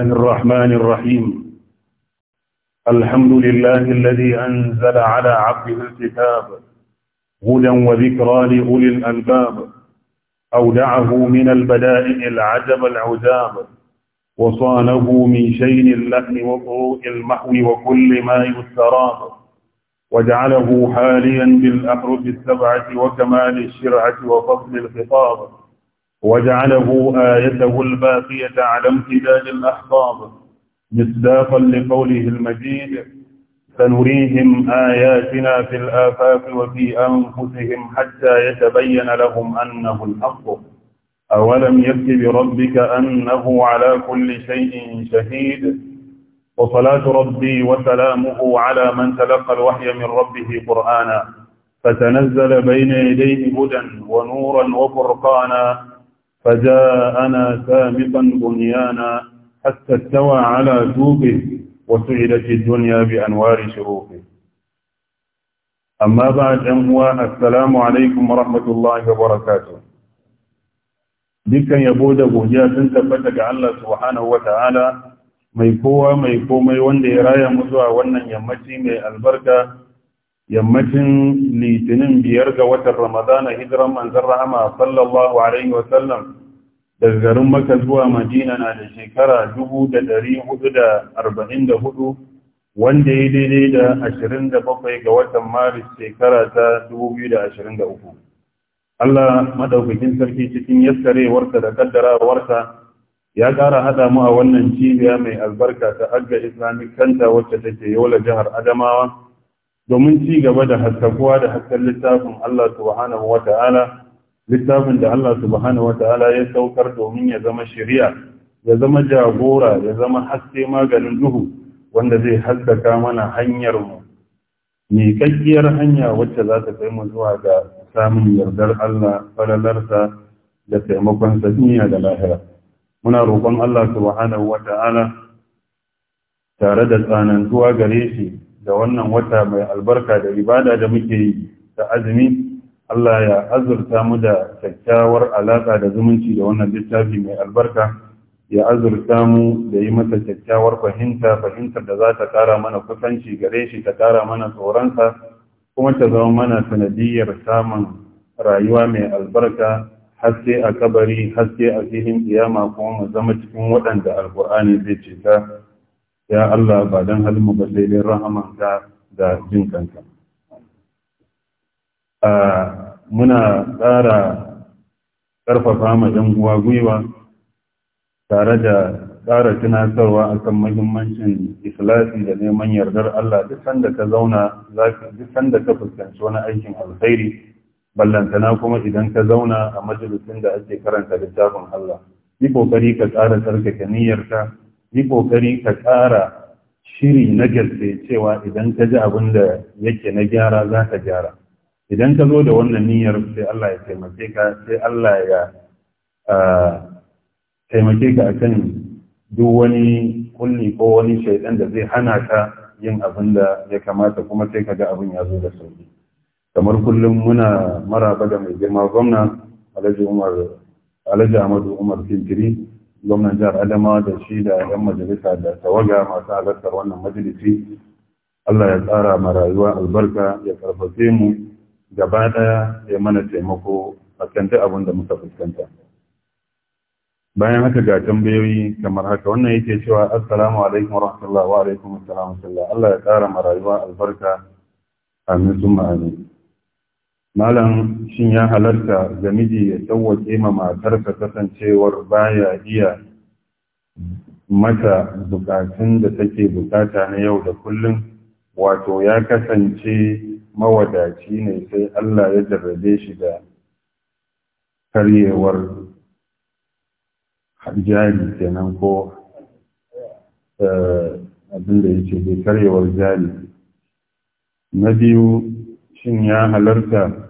الله الرحمن الرحيم الحمد لله الذي أنزل على عبده الكتاب هدى وذكرى لأولي الألباب أودعه من البدائع العجب العجاب وصانه من شين اللحن وطروء المحو وكل ما يستراب وجعله حاليا بالأحرف السبعة وكمال الشرعة وفصل الخطاب وجعله آيته الباقية على امتداد الأحفاظ مصداقا لقوله المجيد سنريهم آياتنا في الآفاق وفي أنفسهم حتى يتبين لهم أنه الحق أولم يك بربك أنه على كل شيء شهيد وصلاة ربي وسلامه على من تلقى الوحي من ربه قرآنا فتنزل بين يديه هدى ونورا وفرقانا فجاءنا سامقا بنيانا حتى استوى على سوقه وسعدت الدنيا بأنوار شروقه أما بعد أموى السلام عليكم ورحمة الله وبركاته dukkan yabo da godiya sun tabbata ga Allah subhanahu wata'ala mai kowa mai komai wanda ya raya mu zuwa wannan yammaci mai albarka yammacin litinin biyar ga watan ramadana hijiran manzan rahama sallallahu alaihi wasallam daga garin maka zuwa madina na da shekara 444 wanda ya daidai da 27 ga watan maris shekara ta 2023 Allah madaukakin sarki cikin yaskarewarsa da kaddarawarsa ya ƙara haɗa mu a wannan cibiya mai albarka ta agga islamic center wacce take yola jihar adamawa domin ci gaba da haskakuwa da hasken littafin Allah subhanahu wa ta'ala littafin da Allah subhanahu wa ta'ala ya saukar domin ya zama shari'a ya zama jagora ya zama haske maganin duhu wanda zai haskaka mana hanyar mu kakkiyar hanya wacce za ta kai mu zuwa ga samun yardar Allah falalarsa da taimakon sa duniya da lahira muna roƙon Allah subhanahu wa ta'ala tare da tsanantuwa gare shi da wannan wata mai albarka da ibada da muke yi da azumi Allah ya azurta mu da kyakkyawar alaƙa da zumunci da wannan littafi mai albarka ya azurta mu da yi masa kyakkyawar fahimta fahimtar da za ta kara mana kusanci gare shi ta kara mana tsoronsa kuma ta zama mana sanadiyar samun rayuwa mai albarka haske a kabari haske a filin kiyama kuma mu zama cikin waɗanda alkur'ani zai ce ta ya Allah ba don mu ba sai dai rahama da jin kanka muna tsara ƙarfafa ma ‘yan uwa gwiwa tare da tsara tunatarwa akan muhimmancin ikhlasi da neman yardar Allah duk sanda ka zauna duk sanda ka fuskanci wani aikin alkhairi ballantana kuma idan ka zauna a majalisin da ake karanta littafin Allah yi kokari ka tsara tsarkake niyyarka yi ƙoƙari ka ƙara shiri na gaske cewa idan ka ji abin da yake na gyara za ka gyara idan ka zo da wannan niyyar sai Allah ya taimake ka sai Allah ya taimake ka kan duk wani kulli ko wani shaidan da zai hana ka yin abin da ya kamata kuma sai ka ga abin ya zo da sauki kamar kullum muna maraba da mai girma gwamna alhaji amadu umar fintiri gwamnan jihar adama da shi da yan majalisa da tawaga masu halartar wannan majalisi allah ya tsara ma rayuwa albarka ya karfafe mu gaba daya ya mana taimako a kan duk abin da muka fuskanta bayan haka ga tambayoyi kamar haka wannan yake cewa assalamu alaikum warahmatullahi wa alaikum assalam Allah ya tsara ma rayuwa albarka amin summa amin malam shin ya halarta ga miji ya sauwaƙe ma matarsa kasancewar baya iya mata bukatun da take bukata na yau da kullum wato ya kasance mawadaci ne sai Allah ya jarrabe shi da karyewar jari kenan ko eh, abinda ya ce karyewar jari na biyu shin ya halarta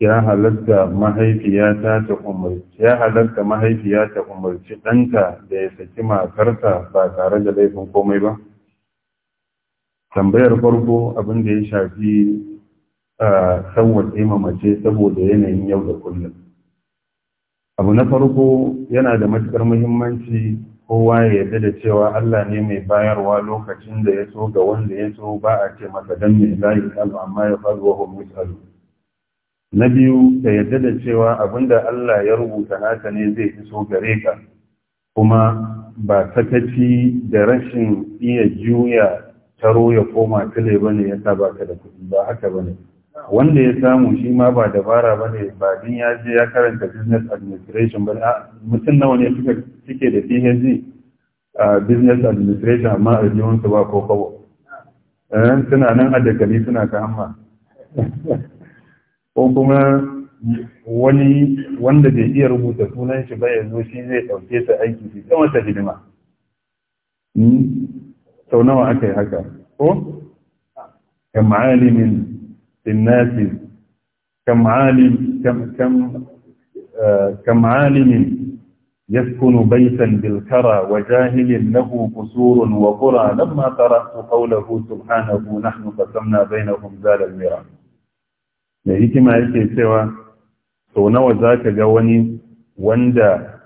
ya halatta mahaifiyata ta umarci ya halatta mahaifiya ta umarci ɗanta da ya saki matarsa ba tare da laifin komai ba tambayar farko abin da ya shafi sauwaƙe mace saboda yanayin yau da kullum abu na farko yana da matuƙar muhimmanci kowa ya yarda da cewa Allah ne mai bayarwa lokacin da ya so ga wanda ya so ba a ce masa dan mai layi amma ya faruwa homisalu na biyu ka yadda da cewa abinda Allah ya rubuta haka ne zai iso gare ka kuma ba sakaci da rashin iya juya taro ya koma tile ne ya sa ka da kuɗi ba haka ba ne. wanda ya samu shi ma ba dabara bane ba din ya je ya karanta business administration ba mutum nawa ne suka suke da PhD a business administration amma a jihunsu ba ko kawo eh, suna nan a suna ka hamma ko kuma wani wanda bai iya rubuta sunan shi ba yanzu shi zai ɗauke ta aiki shi ta wata hidima sau nawa aka yi haka ko kan ma'alimin sinnasi kan ma'alim kan ma'alimin يسكن بيتا بالكرى وجاهل له قصور وقرى لما قرأت قوله سبحانه نحن قسمنا بينهم زال الميران mai hikima yake cewa sau nawa za ka ga wani wanda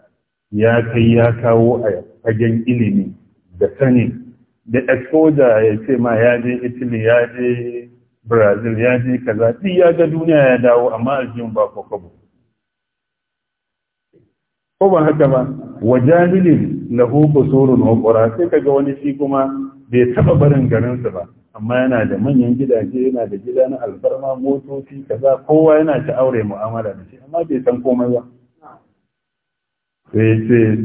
ya kai ya kawo a fagen ilimi da sani da exposure ya ce ma ya je italy ya je brazil ya je kaza duk ya ga duniya ya dawo amma aljihun ba kwakwabo ko ba haka ba wa jahilin lahu qusurun wa qura sai ka ga wani shi kuma bai taba barin garinsa ba amma yana da manyan gidaje yana da gida na alfarma motoci kaza kowa yana ta aure mu'amala da shi amma bai san komai ba sai ce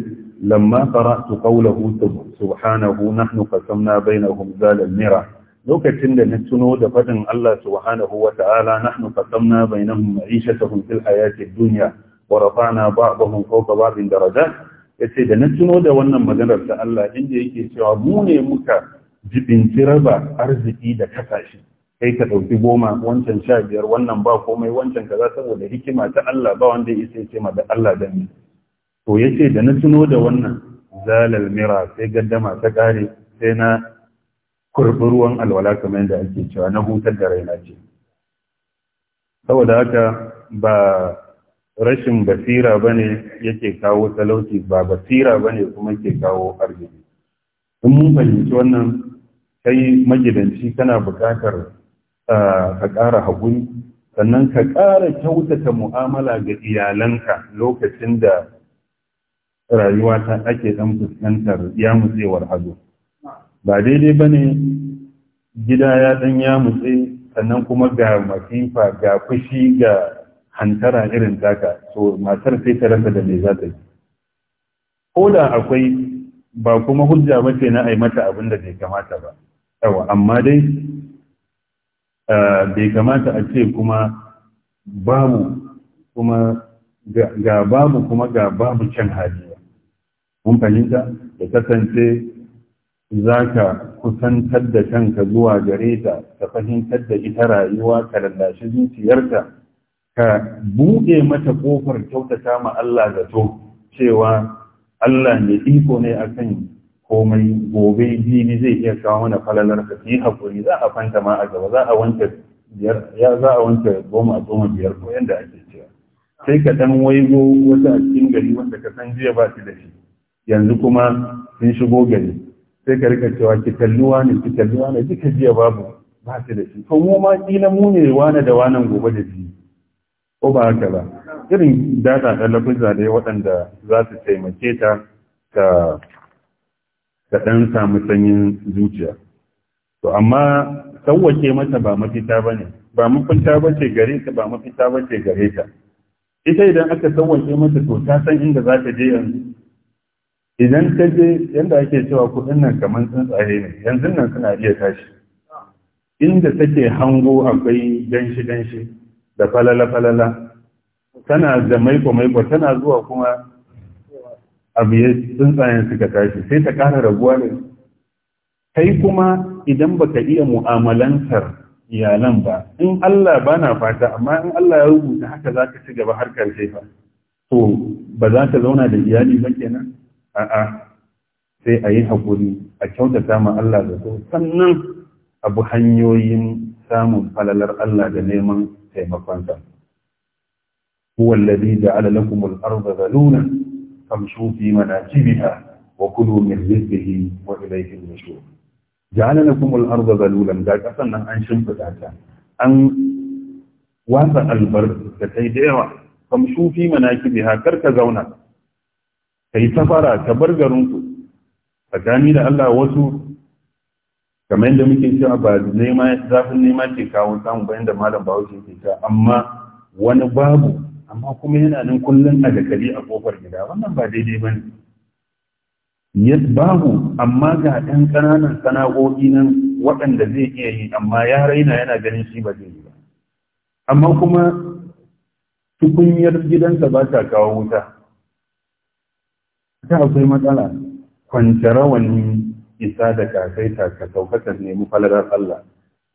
lamma qara'tu qawluhu subhanahu nahnu qasamna bainahum zalal mira lokacin da na tuno da fadin Allah subhanahu wa ta'ala nahnu qasamna bainahum ma'ishatahum fil hayati dunya wa rafa'na ba'dahum fawqa ba'din darajat yace da na tuno da wannan maganar ta Allah inda yake cewa mu ne muka jibinci raba arziki da kasashe kai ka ɗauki goma wancan sha biyar wannan ba komai wancan kaza saboda hikima ta Allah ba wanda ya isa ce ma da Allah da ni to yace da na tuno da wannan zalal mira sai gaddama ta kare sai na kurbi ruwan alwala kamar da ake cewa na hutar da raina ce saboda haka ba rashin basira bane yake kawo talauci ba basira bane kuma ke kawo arziki in mun fahimci wannan kai magidanci kana buƙatar eh, ka ƙara haƙuri sannan ka ƙara kyautata mu'amala ga iyalanka lokacin da rayuwa ta ake ɗan fuskantar ya-mutsewar hazo ba daidai ba ne gida ya ɗan ya-mutse sannan kuma ga masifa ga fushi ga hantara irin taka so matar sai ta rasa da me za ta yi ko da akwai ba kuma hujja ba ce na aimata abin da bai kamata ba yawa amma dai bai kamata a ce kuma babu kuma ga babu kuma ga babu can hali ba mun fahimta da kasance za ka kusantar da kanka zuwa gare ta ka fahimtar da ita rayuwa ka lallashi zuciyarta ka buɗe mata ƙofar kyautata ma Allah zato cewa Allah mai iko ne akan komai gobe jini zai iya kawo mana falalar ka yi hakuri za a fanta ma a gaba za a wanke biyar ya za a wanke goma goma biyar ko yanda ake cewa sai ka dan waigo wata a cikin gari wanda ka san jiya ba shi da shi yanzu kuma sun shigo gari sai ka rika cewa ki kalli wani ki kalli wani duka jiya babu ba shi da shi to mu ma kila mu ne wani da wani gobe da jini ko ba haka ba irin data da lafiza da waɗanda za su taimake ta ta Kaɗan samu sanyin zuciya to amma sauwake mata ba mafita ba ne ba mafita ba ce gare ta ba mafita ba ce gare ta ita idan aka sauwake mata to ta san inda za ta je yanzu idan ta je yadda ake cewa kuɗin nan kamar tsuntsaye ne yanzu nan suna iya tashi inda take hango akwai danshi danshi da falala falala tana da maiko maiko tana zuwa kuma abu ya tsuntsayen suka tashi sai ta ƙara raguwa ne. kai kuma idan baka iya mu'amalantar iyalan ba in Allah bana fata amma in Allah ya rubuta haka za ka ci gaba har karshe fa to ba za ka zauna da iyali ba kenan a'a sai a yi hakuri a kyautata ma Allah da so sannan abu hanyoyin samun falalar Allah da neman taimakonsa huwa alladhi ja'ala lakum al فامشوا في مناكبها وكلوا من رزقه وإليه النشور جعل لكم الأرض ذلولا ذاك أصلا أن شمفتها أن واسع البرد كتي ديوة فامشوا في مناكبها كرك زونا كي سفرا كبرغرنكو فكاني لألا وسو kamar yadda muke cewa ba nema zafin nema ke kawo samu bayan da malam bahaushe ke cewa amma wani babu amma kuma yana nan kullum a dakali a kofar gida wannan ba daidai ba ne yes babu amma ga ɗan ƙananan sana'o'i nan waɗanda zai iya yi amma ya raina yana ganin shi ba zai yi ba amma kuma tukunyar gidansa ba ta kawo wuta ta akwai matsala kwanci rawanin isa da kasaita ka saukatar nemi falalar Allah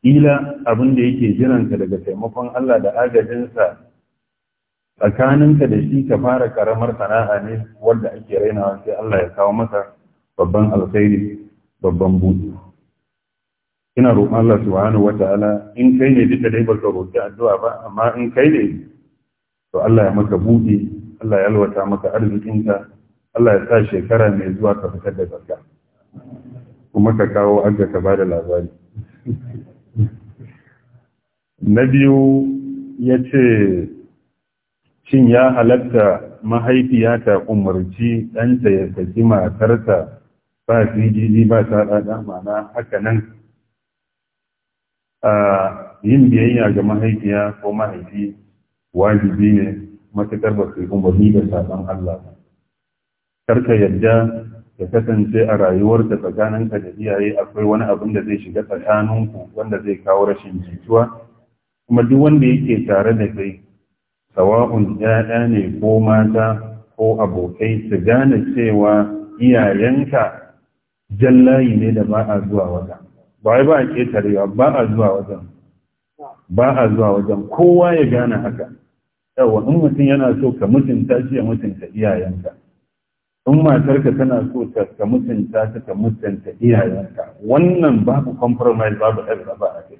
ila abin da yake jiransa daga taimakon Allah da agajinsa tsakaninka da shi ka fara karamar sana'a ne wadda ake rainawa sai Allah ya kawo masa babban alkhairi babban buɗi ina roƙon Allah subhanahu wata'ala in kai ne duka dai baka roƙi addu'a ba amma in kai ne to Allah ya maka buɗi Allah ya alwata maka arzikinka Allah ya sa shekara mai zuwa ka fitar da zakka kuma ka kawo agga ka bada labari na biyu ya ce shin ya halatta mahaifiyata umarci umarci ɗanta ya saki matarsa ba cdd ba ta ɗaɗa mana haka nan A yin biyayya ga mahaifiya ko mahaifi wajibi ne matuƙar ba su umarni da saɓon Allah ba. Karka yadda ya kasance a rayuwarta tsakaninka da iyaye akwai wani abin da zai shiga tsakaninku wanda zai kawo rashin jituwa kuma duk wanda yake tare da kai sawa'un ‘ya'ya ne ko mata ko abokai su gane cewa iyayenka jallayi ne da ba a zuwa wajen ba ba a ƙetarewa ba a zuwa wajen ba a zuwa wajen kowa ya gane haka yawa in mutum yana so ka mutunta shi ya mutunta iyayenka in matarka tana so ka mutunta shi ka mutunta iyayenka wannan babu compromise babu ɗan ba a kai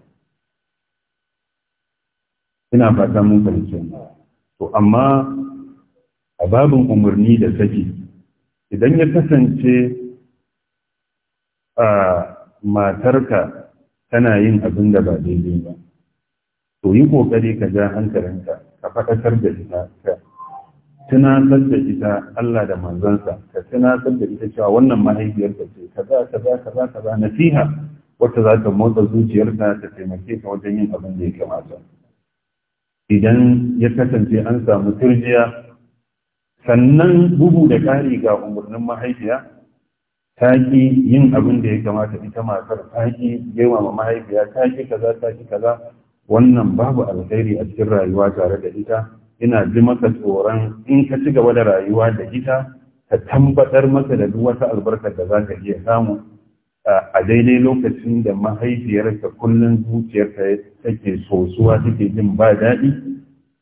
ina fata mun fahimci to amma a babin umarni da saki idan ya kasance a matarka tana yin abin da ba daidai ba to yi kokari ka ja hankalinka ka faɗakar da ita ka tunatar da ita Allah da manzansa ka tunatar da ita cewa wannan mahaifiyarka ce kaza kaza kaza kaza nasiha wacce za ta motsa zuciyarta ta taimake ka wajen yin abin da ya kamata idan ya kasance an samu turjiya sannan bugu da ƙari ga umarnin mahaifiya ta ƙi yin abin da ya kamata ita matar ta ƙi ma mahaifiya ta ƙi kaza ta ƙi kaza wannan babu alkhairi a cikin rayuwa tare da ita ina ji maka tsoron in ka ci gaba da rayuwa da ita ka tambatar maka da duk wata albarkar da za ka iya samu a daidai lokacin da mahaifiyarka kullum zuciyarka take sosuwa take jin ba daɗi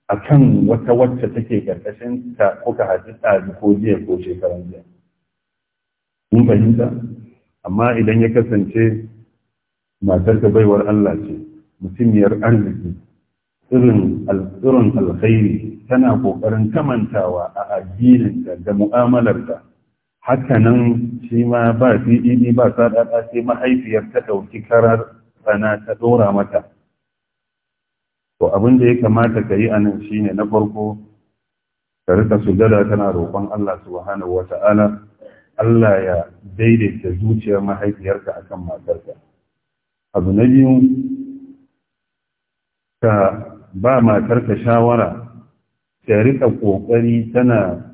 a kan wata wacce take ƙarƙashin ta kuka haɗu ɗazu ko jiya ko shekaran jiya. Mun fahimta? Amma idan ya kasance matar matarka baiwar Allah ce, mutumiyar arziki, irin alkhairi tana ƙoƙarin kamantawa a addininta da mu'amalarta. haka nan shi ma ba fiɗiɗi e ba sadada sai mahaifiyar ta ɗauki karar tsana ta ɗora mata to abin da ya kamata ka yi a nan shi ne na farko ka rika sujada tana roƙon Allah subhanahu ta'ala. Allah ya daidaita zuciyar mahaifiyarka a kan matarka abu na biyu ka ba matarka shawara ka rika ƙoƙari tana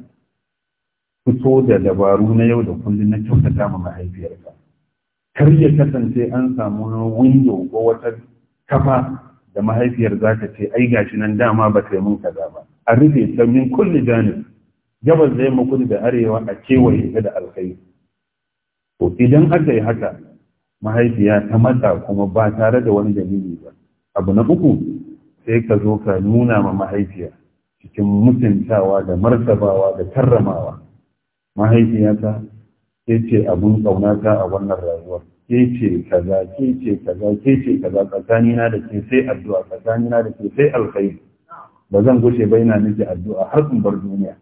fito da dabaru na yau da kullum na kyautata ma mahaifiyarka kar ya kasance an samu windo ko wata kafa da mahaifiyar za ta ce ai gashi nan dama ba ta yi mun kaza ba a rufe ta min kulli jani gabas da yamma kudu da arewa a kewaye ta da alkai to idan aka yi haka mahaifiya ta mata kuma ba tare da wani dalili ba abu na uku sai ka zo ka nuna ma mahaifiya cikin mutuntawa da martabawa da karramawa mahaifiyata ke ce abun ƙaunata a wannan rayuwar ke ce kaza ke ce kaza ke ce kaza Tsakani na da ke sai addu'a tsakani na da ke sai alkhairi ba zan gushe ba ina miki addu'a har in bar duniya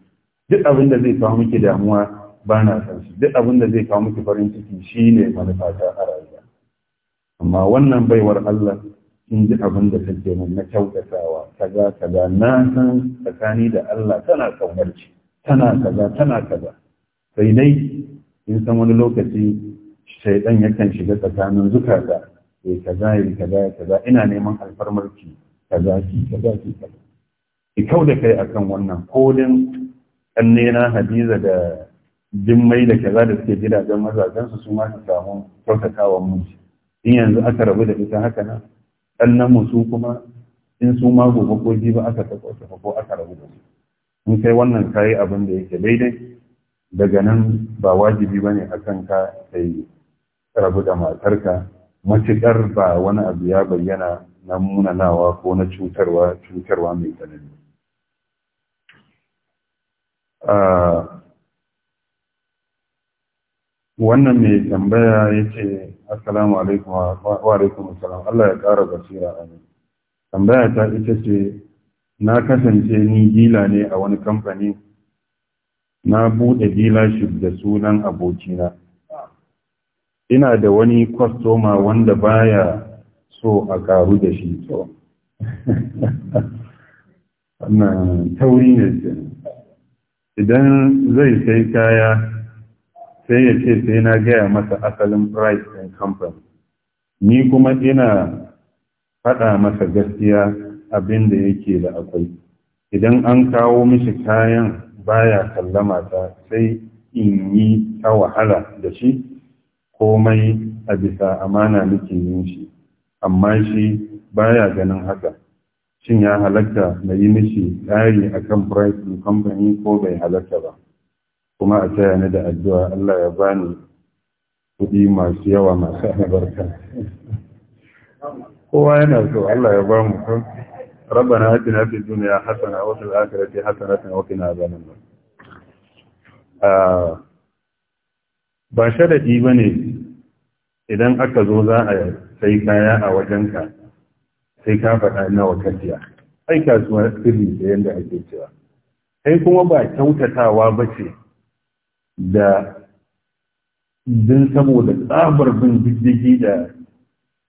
duk abin da zai kawo miki damuwa ba na san shi duk abin da zai kawo miki farin ciki shi shine manufata a rayuwa amma wannan baiwar Allah in ji abin da take mun na kyautatawa kaza kaza na san tsakani da Allah tana kaunar tana kaza tana kaza sai dai in san wani lokaci shaidan yakan shiga tsakanin zukata ya eh, kaza ya eh, kaza ya eh, kaza ina neman alfarmar Ka kaza ki kaza ki kaza ki kau da kai akan wannan kodin kanne na hadiza da jimmai da kaza da suke gidajen mazajen su su ma su samu kyautatawan mulki in yanzu aka rabu da ita haka nan kannan mu su kuma in su ma gobe ko jiba aka ta ko aka rabu da su in kai wannan kayi abin da yake daidai daga nan ba wajibi ba ne a kanka ka yi rabu da matarka matuƙar ba wani abu ya bayyana na munanawa ko na cutarwa cutarwa mai tsanani ah, wannan mai tambaya ya ce assalamu alaikum wa alaikum assalam Allah ya ƙara basira a ne tambaya ta ita ce na kasance ni gila ne a wani kamfani na buɗe dealership da sunan abokina ina da wani kwastoma wanda baya so a karu da shi so tauri ne idan zai sai kaya sai ya ce sai na gaya masa asalin price and company ni kuma ina faɗa masa gaskiya abin da yake da akwai idan an kawo mishi kayan baya sallama ta sai in yi ta wahala da shi komai a bisa amana nake yin shi amma shi baya ganin haka shin ya halatta na yi mishi ƙari akan price and company ko bai halatta ba kuma a taya ni da addu'a Allah ya bani kuɗi masu yawa masu albarka kowa yana so Allah ya ba mu ربنا آتنا في الدنيا حسنة وفي الآخرة حسنة وقنا عذاب النار ba sharaɗi ba ne idan aka zo za a sai kaya a wajenka sai ka faɗa nawa kajiya ai kasuwa sirri da yadda ake cewa kai kuma ba kyautatawa ba ce da din saboda tsabar bin diddigi da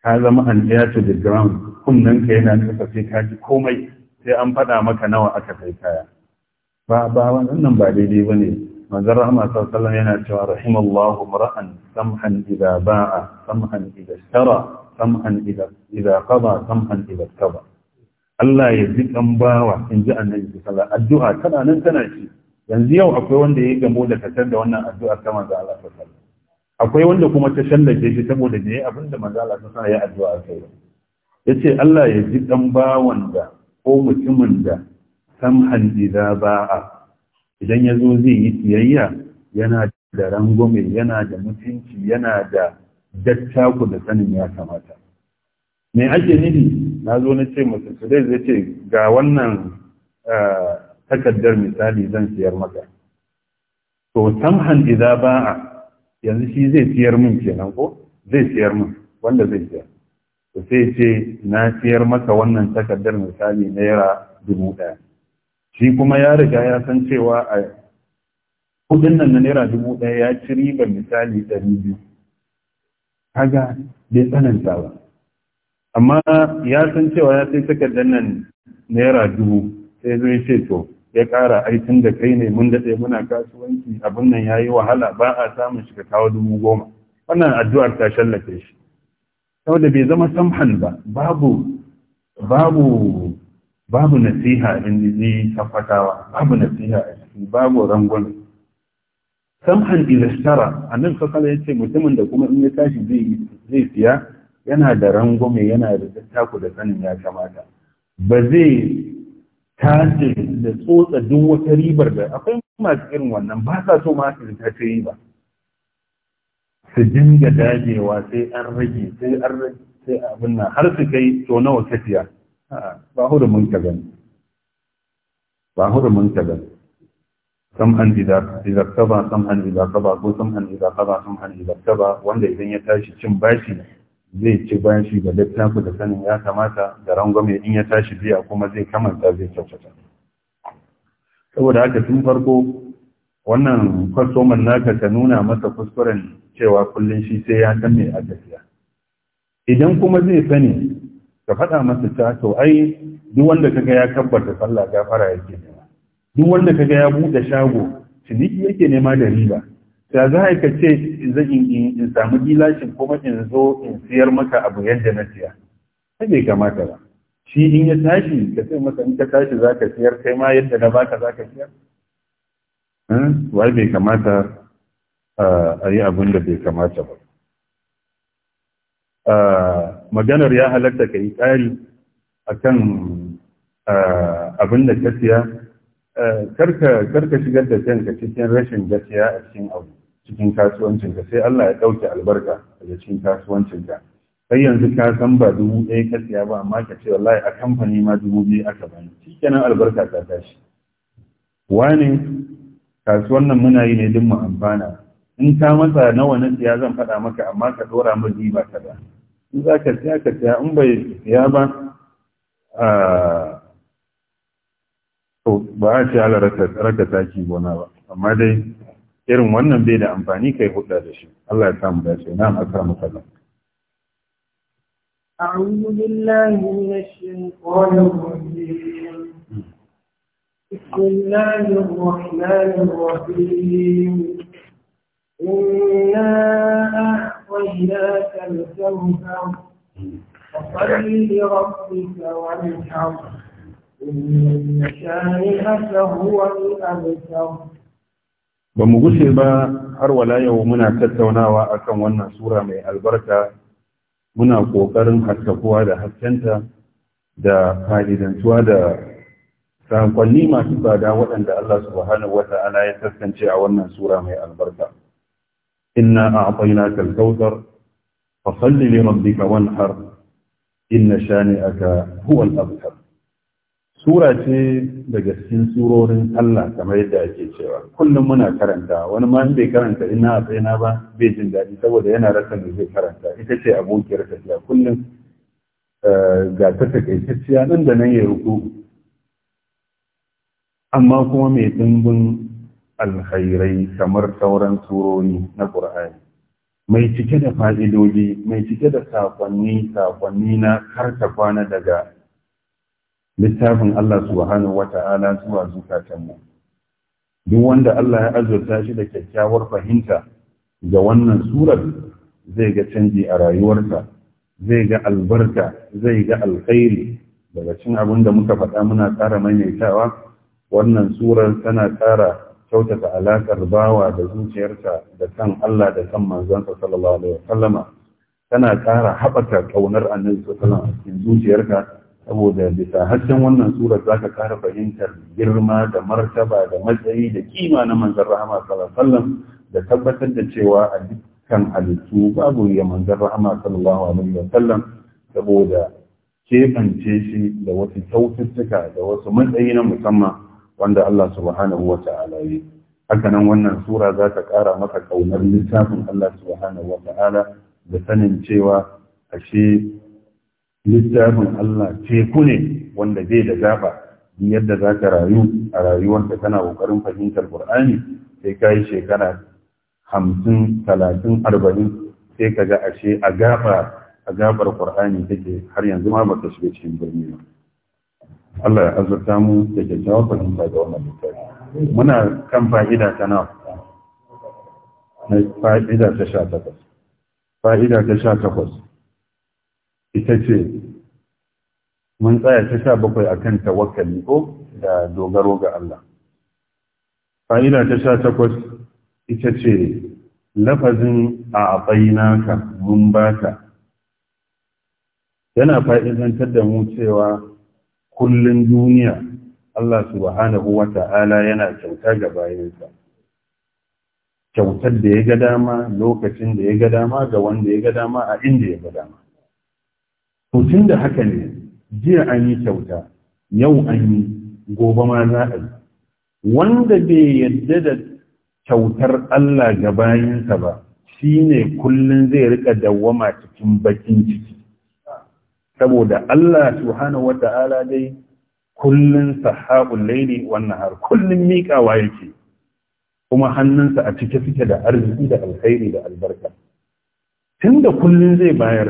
ka zama an to the ground kunnen ka yana kasa sai ka ji komai sai an faɗa maka nawa aka kai kaya ba ba wannan ba daidai ba ne manzon rahama sallallahu yana cewa rahimallahu mar'an samhan idza ba'a samhan idza ishtara samhan idza idza qada samhan idza kaba Allah ya ji kan bawa in ji annabi sallallahu addu'a tana nan tana ci yanzu yau akwai wanda ya gamo da katar da wannan addu'a ta manzo Allah sallallahu akwai wanda kuma ta shallake shi saboda da yayi abinda manzo Allah sallallahu alaihi ya addu'a kai yace Allah ya ji dan bawan da ko mutumin da samhan idza ba'a idan ya zo zai yi siyayya yana da rangwame yana da mutunci yana da dattaku da sanin ya kamata me ake nufi na zo na ce musu dai zai ce ga wannan eh, takardar misali zan siyar maka to samhan idza ba'a yanzu shi zai siyar min kenan ko zai siyar min wanda zai siyar to sai ce na siyar maka wannan takardar misali naira dubu ɗaya shi kuma ya riga ya san cewa a kudin nan na naira dubu ɗaya ya ci riba misali ɗari biyu kaga bai tsananta ba amma ya san cewa ya sai takardar nan naira dubu sai zo ya ce to ya ƙara aikin da kai ne mun daɗe muna kasuwanci abin nan ya yi wahala ba a samun shiga ka kawo dubu goma wannan addu'ar ta shallafe shi saboda bai zama samhan ba babu babu babu nasiha in yi tafatawa babu nasiha a cikin babu rangon samhan a nan fasala ya ce mutumin da kuma in ya tashi zai siya yana da rangwame yana da tattaku da sanin ya kamata ba zai tace da tsotsa duk wata ribar da akwai masu irin wannan ba sa so masu su ta yi ba su dinga dajewa sai an rage sai an rage sai abin nan har su kai to nawa tafiya ba hurumin ka gani ba hurumin ka gani sam an sam'an kaba ko sam an sam'an kaba wanda idan ya tashi cin bashi zai ci bashi da littafi da sanin ya kamata da rangwame in ya tashi biya kuma zai kamanta zai kyautata saboda haka tun farko wannan kwastoman naka ka nuna masa kuskuren cewa kullum shi sai ya san mai a tafiya idan kuma zai sani ka faɗa masa ta to ai duk wanda kaga ya kabbata sallah gafara yake nema duk wanda kaga ya buɗe shago ciniki yake nema da riba ta za a ka ce in samu gilashin kuma in zo in siyar maka abu yadda na siya ta bai kamata ba shi in ya tashi ka sai masa in ka tashi za ka siyar kai ma yadda na baka za ka siyar hmm? wai bai kamata ah, a yi abin da bai kamata ba maganar ya halatta ka yi ƙari a kan abin da ka siya karka shigar da kanka cikin rashin gaskiya a cikin abu cikin kasuwancinka sai Allah ya ɗauke albarka daga cikin kasuwancinka sai yanzu ka san ba dubu ɗaya ka siya ba amma ka ce wallahi a kamfani ma dubu biyu aka bani shikenan albarka ta tashi wani kasuwan nan muna yi ne duk mu amfana in ka matsa nawa na siya zan faɗa maka amma ka ɗora min riba kaza in za ka siya ka siya in bai siya ba a ba a ce ala raka taki gona ba amma dai irin wannan bai da amfani kai hudda da shi Allah ya samu dace na masa musallam أعوذ بالله من الشيطان الرجيم بسم الله الرحمن الرحيم إنا أعطيناك الكوثر فصل لربك وانحر إن شانئك هو الأبتر ba mu gushe ba har wala yau muna tattaunawa akan wannan sura mai albarka muna ƙoƙarin haskakuwa da haskenta da fa'idantuwa da saƙonni masu tsada waɗanda Allah subhanahu wata'ala ya taskance a wannan sura mai albarka. إنا أعطيناك الكوثر فصل لربك وانحر إن شانئك هو الأبتر Sura ce daga cikin surorin Allah kamar yadda ake cewa kullum muna karanta wani ma bai karanta ina a tsayina ba bai jin daɗi saboda yana rasa da zai karanta ita ce abokiyar tafiya kullum ga ta takaitacciya nan da nan ya ruku amma kuma mai dimbin alkhairai kamar sauran surori na ƙur'ani mai cike da fa'idodi mai cike da sakonni sakonni na karta kwana daga littafin Allah subhanahu Ta'ala zuwa zukatanmu duk wanda Allah ya azurta shi da kyakkyawar fahimta ga wannan surar zai ga canji a rayuwarsa zai ga albarka zai ga alkhairi daga cin abin da muka faɗa muna ƙara maimaitawa wannan surar tana ƙara kyautata alaƙar bawa da zuciyarsa da kan Allah da kan manzansa sallallahu alaihi wasallama tana ƙara haɓaka ƙaunar annabi sallallahu alaihi cikin zuciyarka saboda bisa hasken wannan surar zaka ƙara fahimtar girma da martaba da matsayi da kima na manzon rahama sallallahu alaihi wasallam da tabbatar da cewa a dukkan halittu babu ya manzon rahama sallallahu alaihi wasallam saboda keɓance shi da wasu kyaututtuka da wasu matsayi na musamman wanda Allah subhanahu wa ta'ala yi haka nan wannan sura za ta ƙara maka ƙaunar littafin Allah subhanahu wa ta'ala da sanin cewa ashe littafin Allah teku ne wanda bai da gaba yadda za ka rayu a rayuwarka kana ƙoƙarin fahimtar Kur'ani, sai ka yi shekara hamsin talatin arba'in sai ka ga ashe a gaba a gabar ƙur'ani take har yanzu ma baka shiga cikin birni ba Allah ya azurta mu da kyakkyawar fahimta ga wannan littafi muna kan fa'ida ta na fa'ida ta sha takwas fa'ida ta sha takwas ita ce mun tsaya ta sha bakwai a kan tawakali ko da dogaro ga Allah fa'ida ta sha takwas ita ce lafazin a ka mun ba ta, yana fa’izantar da mu cewa kullun duniya Allah subhanahu wa ta'ala yana kyauta ga bayansa kyautar da ya ga dama lokacin da ya ga dama ga wanda ya ga dama a inda ya ga dama tun da haka ne jiya an yi kyauta yau an yi gobe ma za a yi wanda bai yadda da kyautar Allah ga bayansa ba shine ne kullum zai riƙa dawwama cikin bakin ciki saboda Allah subhanahu wata'ala dai kullun sahabul laili wan nahar kullun miƙawa yake kuma hannunsa a cike suke da arziki da alkhairi da albarka tunda kullun zai bayar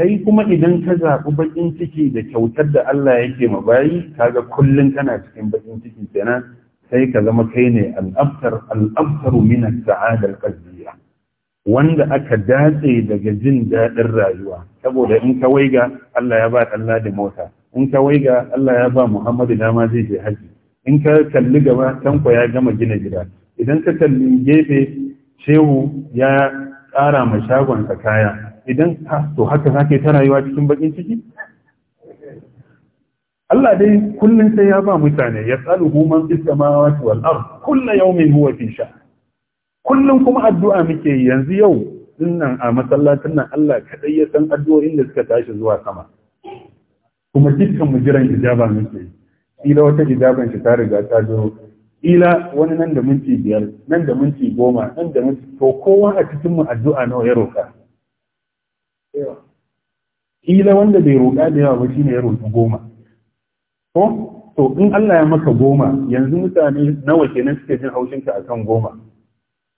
sai kuma idan ka zaɓi baƙin ciki da kyautar da Allah yake ma bayi kaga kullun kana cikin baƙin ciki kenan sai ka zama kai ne al'abtar al'abtaru min as-sa'ada al wanda aka dace daga jin dadin rayuwa saboda in ka waiga Allah ya ba Allah da mota in ka waiga Allah ya ba Muhammadu dama zai je haji in ka kalli gaba tanko ya gama gina gida idan ka kalli gefe shehu ya ƙara ma shagonsa kaya idan to haka sake ta rayuwa cikin bakin ciki Allah dai kullum sai ya ba mutane ya tsalu man fi samawati wal ard kullu yawmin huwa fi sha kullum kuma addu'a muke yanzu yau dinnan a masallacin nan Allah kadai ya san addu'o'in da suka tashi zuwa sama kuma dukkan mu jiran ijaba muke ila wata ijaban shi ta riga ta zo ila wani nan da minti biyar nan da minti goma nan da minti to kowa a cikin mu addu'a nawa ya roƙa ila wanda bai roƙa da yawa ba ne ya roƙi goma ko to in Allah ya maka goma yanzu mutane nawa kenan suke jin haushinka akan goma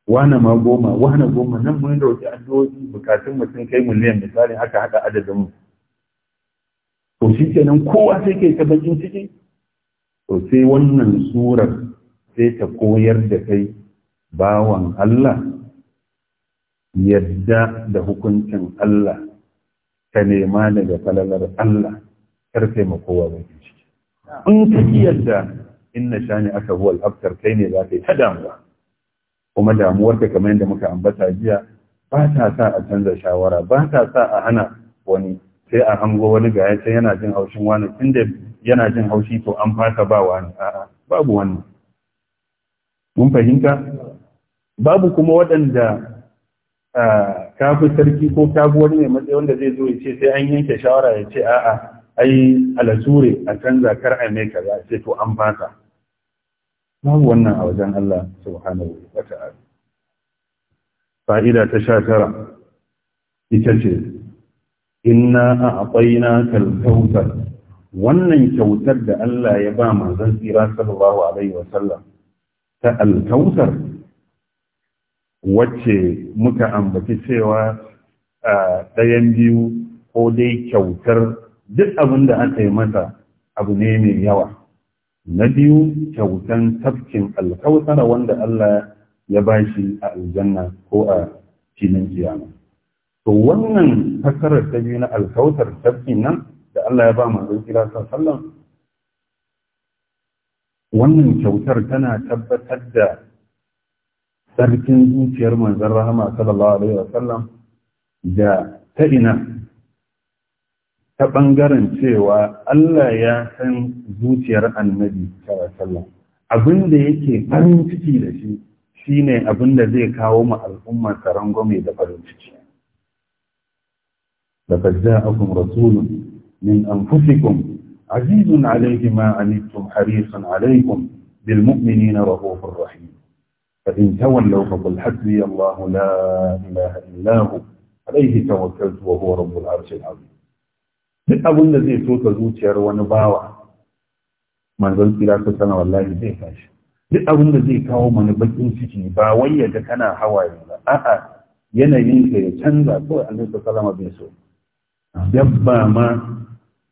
wane ma goma wane goma nan mun roƙi addu'o'i bukatun mutum kai miliyan misali aka haɗa adadin mu to shi nan kowa sai ke ta bakin ciki to sai wannan surar sai ta koyar da kai bawan Allah yadda da hukuncin Allah ka nema daga falalar Allah karfe ma kowa bakin ciki in ka yadda inna shani aka huwa al-abtar kai ne za ka yi ta damuwa kuma damuwar da kamar yadda muka ambata jiya ba ta sa a canza shawara ba ta sa a hana wani sai a hango wani ga yace yana jin haushin wani inda yana jin haushi to an fata ba wani a'a babu wannan mun fahimta babu kuma waɗanda kafi sarki ko wani mai matsayi wanda zai zo ya ce sai an yanke shawara ya ce a'a ai alasure a canza kar a mai kaza sai to an fata babu wannan a wajen Allah subhanahu wa ta'ala fa'ida ta sha tara ita ce inna a'tayna kal kautsar wannan kyautar da Allah ya ba mazan tsira sallallahu alaihi wa sallam ta al wacce muka ambaci cewa ɗayan biyu ko dai kyautar duk abin da aka yi mata abu ne mai yawa na biyu kyautan tafkin alkautara wanda Allah ya bashi a aljanna ko a filin kiyama to wannan fasarar ta biyu na alkautar tafkin nan da Allah ya ba manzon kira sallallahu wannan kyautar tana tabbatar da sarkin zuciyar manzon rahama sallallahu alaihi da ta ina ta ɓangaren cewa Allah ya san zuciyar annabi sallallahu abin da yake farin ciki da shi shine abin da zai kawo ma al'ummar sarangwame da farin ciki laqad ja'akum rasulun min anfusikum azizun alayhi ma anittum harisun alaykum bil mu'minina rahufur rahim fa in tawallaw faqul hasbi Allah la ilaha illa hu alayhi tawakkaltu wa huwa rabbul arshil azim duk abin da zai soka zuciyar wani bawa manzon tsira ta sana wallahi zai tashi duk abin da zai kawo mani bakin ciki ba wai yadda kana hawaye ba a'a yanayin ka ya canza kawai annabi sallallahu alaihi wasallam bai so dabba ma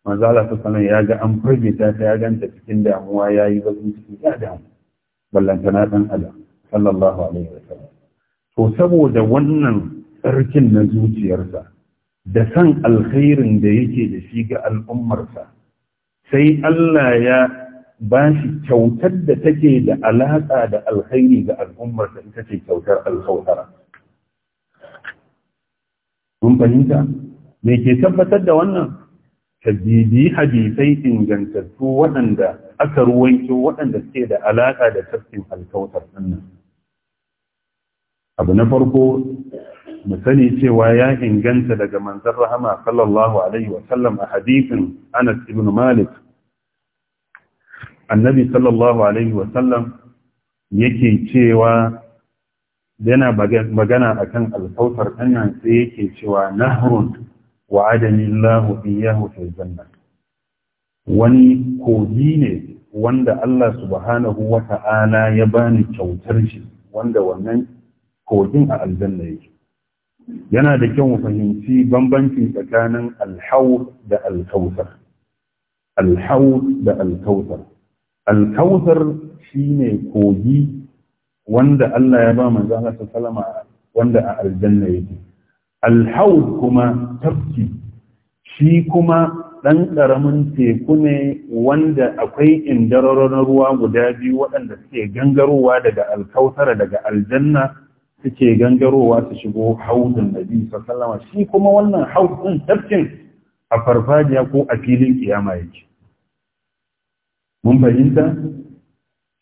manzo Allah sallallahu ya ga an furgita ta ta ya ganta cikin damuwa yayi bakin ciki ya damu ballantana dan adam sallallahu alaihi wasallam to saboda wannan tsarkin na zuciyarsa da san alkhairin da yake da shi ga al'ummarsa sai Allah ya ba shi kyautar da take da alaƙa da alkhairi ga al'ummarsa ita ce kyautar alkhautara. Mun fahimta? Me ke tabbatar da wannan? Ka bibi hadisai ingantattu waɗanda aka ruwaito waɗanda suke da alaƙa da tafkin alkautar nan. Abu na farko mu sani cewa ya inganta daga manzan rahama sallallahu alaihi a hadisin Anas ibn Malik annabi sallallahu alaihi yake cewa yana magana akan alfautar kannan sai yake cewa nahrun wa Lahu iyahu fil janna wani kogi ne wanda Allah subhanahu wa ta'ala ya bani kyautar shi wanda wannan kogin a aljanna yake yana da kyau mu fahimci bambanci tsakanin alhaur da alkautar alhaur da alkautar alkautar ne kogi wanda Allah ya ba manzo Allah salama wanda a aljanna yake alhaur kuma tafki shi kuma ɗan ƙaramin teku ne wanda akwai indararon ruwa guda biyu waɗanda suke gangarowa daga alkautara daga aljanna suke gangarowa su shigo haudun nabi sallama shi kuma wannan haudun tafkin a farfajiya ko a filin kiyama yake mun fahimta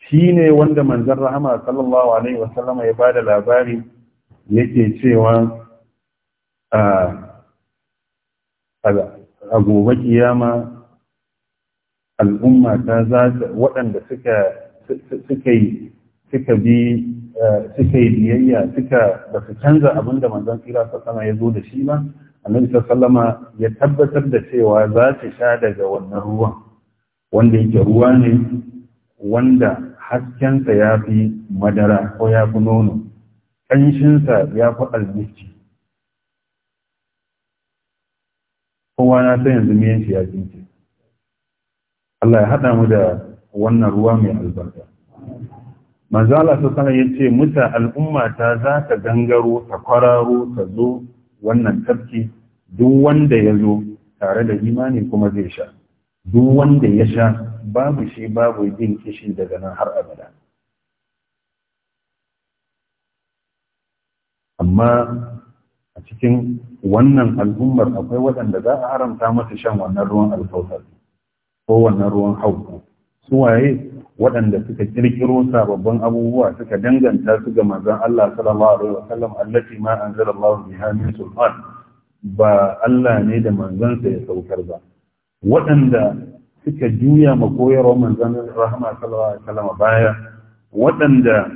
shi ne wanda manzan rahama sallallahu alaihi wasallama ya bada labari yake cewa a gobe kiyama al'umma ta za waɗanda suka yi suka bi eh, suka yi biyayya suka ba su canza abin da manzon tsira sama ya zo da shi ba annabi sallama ya tabbatar da cewa za su sha daga wannan ruwan wanda yake ruwa ne wanda haskensa ya fi madara ko ya fi nono ƙanshinsa ya fi albici kowa na san yanzu miyan shi ya jinke Allah ya haɗa mu da wannan ruwa mai albarka manzala su sana ya ce muta al'umma ta za ta gangaro ta kwararo ta zo wannan tafki duk wanda ya zo tare da imani kuma zai sha duk wanda ya sha babu shi babu jin kishi daga nan har abada amma a cikin wannan al'ummar akwai waɗanda za a haramta masu shan wannan ruwan alfautar ko wannan ruwan hauku su waye waɗanda suka kirkiro sababbin abubuwa suka danganta su ga manzon Allah sallallahu alaihi wasallam allati ma anzalallahu biha min sultan ba Allah ne da manzansa ya saukar ba waɗanda suka juya ma koyarwar manzon rahama sallallahu alaihi wasallam baya waɗanda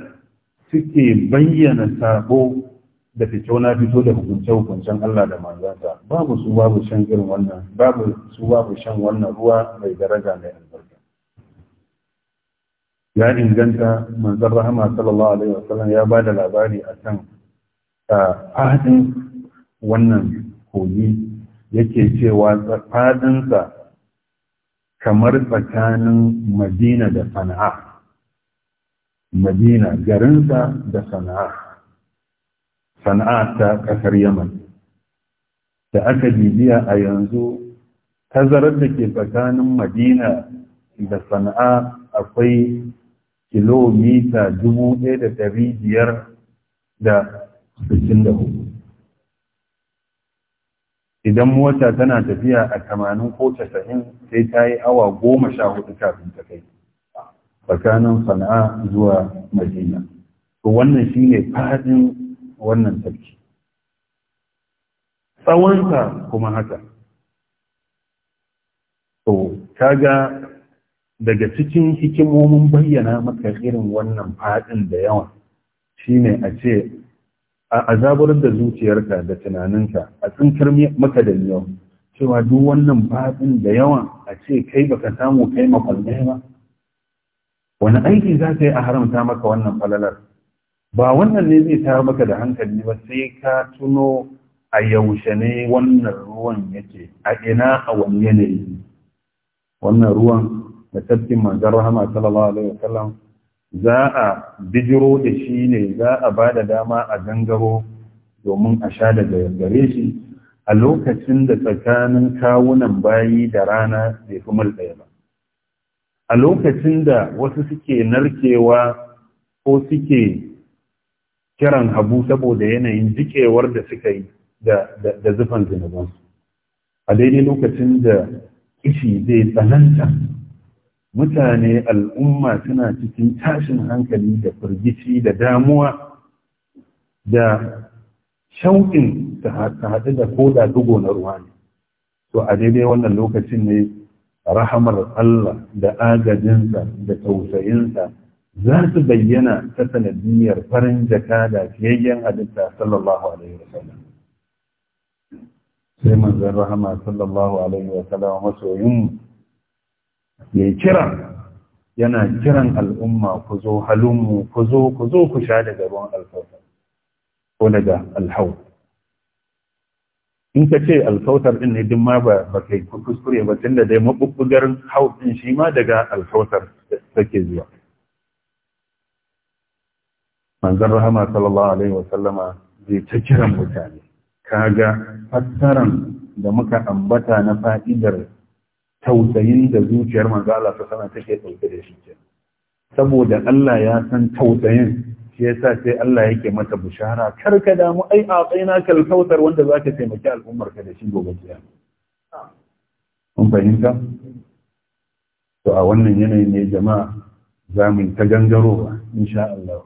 suke bayyana sabo da fito na fito da hukunce hukuncen Allah da manzansa babu su babu shan irin wannan babu su babu shan wannan ruwa mai daraja mai ya inganta manzon rahama sallallahu alaihi wasallam ya bada labari a akan fadin wannan koyi yake cewa fadinsa kamar tsakanin madina da sana'a madina garinsa da sana'a sana'a ta ƙasar yaman da aka bibiya a yanzu tazarar da ke tsakanin madina da sana'a akwai kilomita dubu ɗaya da ɗari biyar da sittin da hudu idan mota tana tafiya a tamanin ko casa'in sai ta yi awa goma sha hudu kafin ta kai tsakanin sana'a zuwa madina to wannan shi ne fadin wannan tafki tsawonsa kuma haka to kaga daga cikin hikimomin bayyana maka irin wannan faɗin da yawa shine a ce a azabar da zuciyarka da tunaninka a tsinkar maka da yau cewa duk wannan faɗin da yawa a ce kai baka samu kai makwalmai ba wani aiki za ka yi a haramta maka wannan falalar ba wannan ne zai tayar maka da hankali ba sai ka tuno a yaushe ne wannan ruwan yake a ina a wani yanayi wannan ruwan da tafkin manzan rahama sallallahu alaihi wasallam za a bijiro da shi ne za a ba da dama a gangaro domin a sha daga gare shi a lokacin da tsakanin kawunan bayi da rana bai fi mul ɗaya ba a lokacin da wasu suke narkewa ko suke kiran habu saboda yanayin jikewar da suka yi da zufan zinubansu a daidai lokacin da kishi zai tsananta mutane al'umma suna cikin tashin hankali da firgici da damuwa da shauƙin ta haɗu da koda dugo na ruwa ne to a daidai wannan lokacin ne rahamar Allah da agajinsa da tausayinsa za su bayyana ta sanadiyar farin jaka da fiyayyen halitta sallallahu alaihi wasallam sai manzon rahama sallallahu alaihi wasallam masoyinmu ya kira yana kiran al'umma ku zo halummu ku zo ku zo ku sha daga ruwan alkautar ko daga alhau in ka ce alkautar ɗin ne duk ma ba kai kuskure ba tun da dai maɓuɓɓugar hau ɗin shi ma daga alkautar take zuwa manzan rahama sallallahu alaihi wasallama zai ta kiran mutane Ka ga fassaran da muka ambata na fa'idar tausayin da zuciyar manzo Allah ta sana take ɗauke da shi saboda Allah ya san tausayin shi yasa sai Allah yake mata bushara kar ka damu ai a tsaina kautar wanda zaka taimaki al'ummar ka da shi gobe jiya. mun fahimta to a wannan yanayin ne jama'a za mu ta gangarowa insha Allah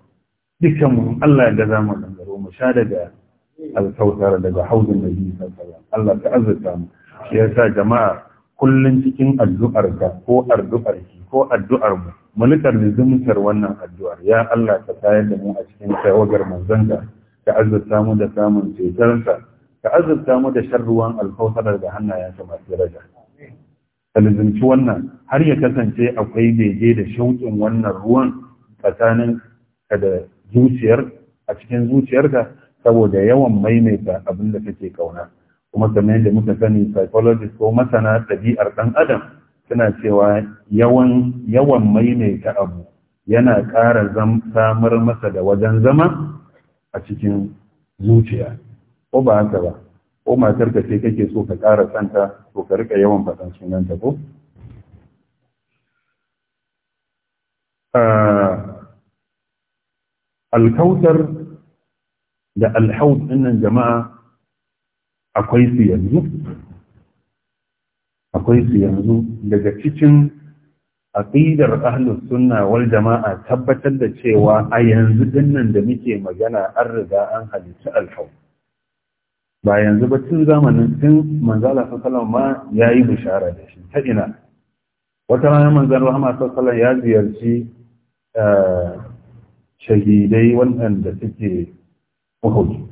dukkan mu Allah ya ga za mu gangaro mu sha daga al al-kautar daga haudun nabi sallallahu alaihi wasallam Allah ta azurta mu shi yasa jama'a kullum cikin addu'arka ko addu'arki ko addu'ar mu mulkar zumtar wannan addu'ar ya Allah ka tayar da mu a cikin tawagar manzanka ka azurta mu da samun cetarsa ka azurta mu da shan ruwan alkautar da hannayensa masu daraja ka lizinci wannan har ya kasance akwai bege da shauƙin wannan ruwan tsakanin ka da zuciyar a cikin zuciyarka saboda yawan maimaita abin da kake ƙauna. kuma kamar yadda muka sani psychologist ko masana ɗabi'ar ɗan adam suna cewa yawan yawan maimaita abu yana ƙara samar masa da wajen zama a cikin zuciya ko ba haka ba ko matarka ce kake so ka ƙara santa to ka rika yawan faɗan sunanta ko ah, alkautar da alhaud ɗinnan jama'a akwai su yanzu akwai su yanzu daga cikin aqidar ahlus sunna wal jama'a tabbatar da cewa a yanzu dinnan da muke magana an riga an halitta alhau ba yanzu ba tun zamanin tun manzala sallallahu ma yayi bishara da shi ta ina wata rana manzon rahama sallallahu ya ziyarci eh, shahidai waɗanda suke uhud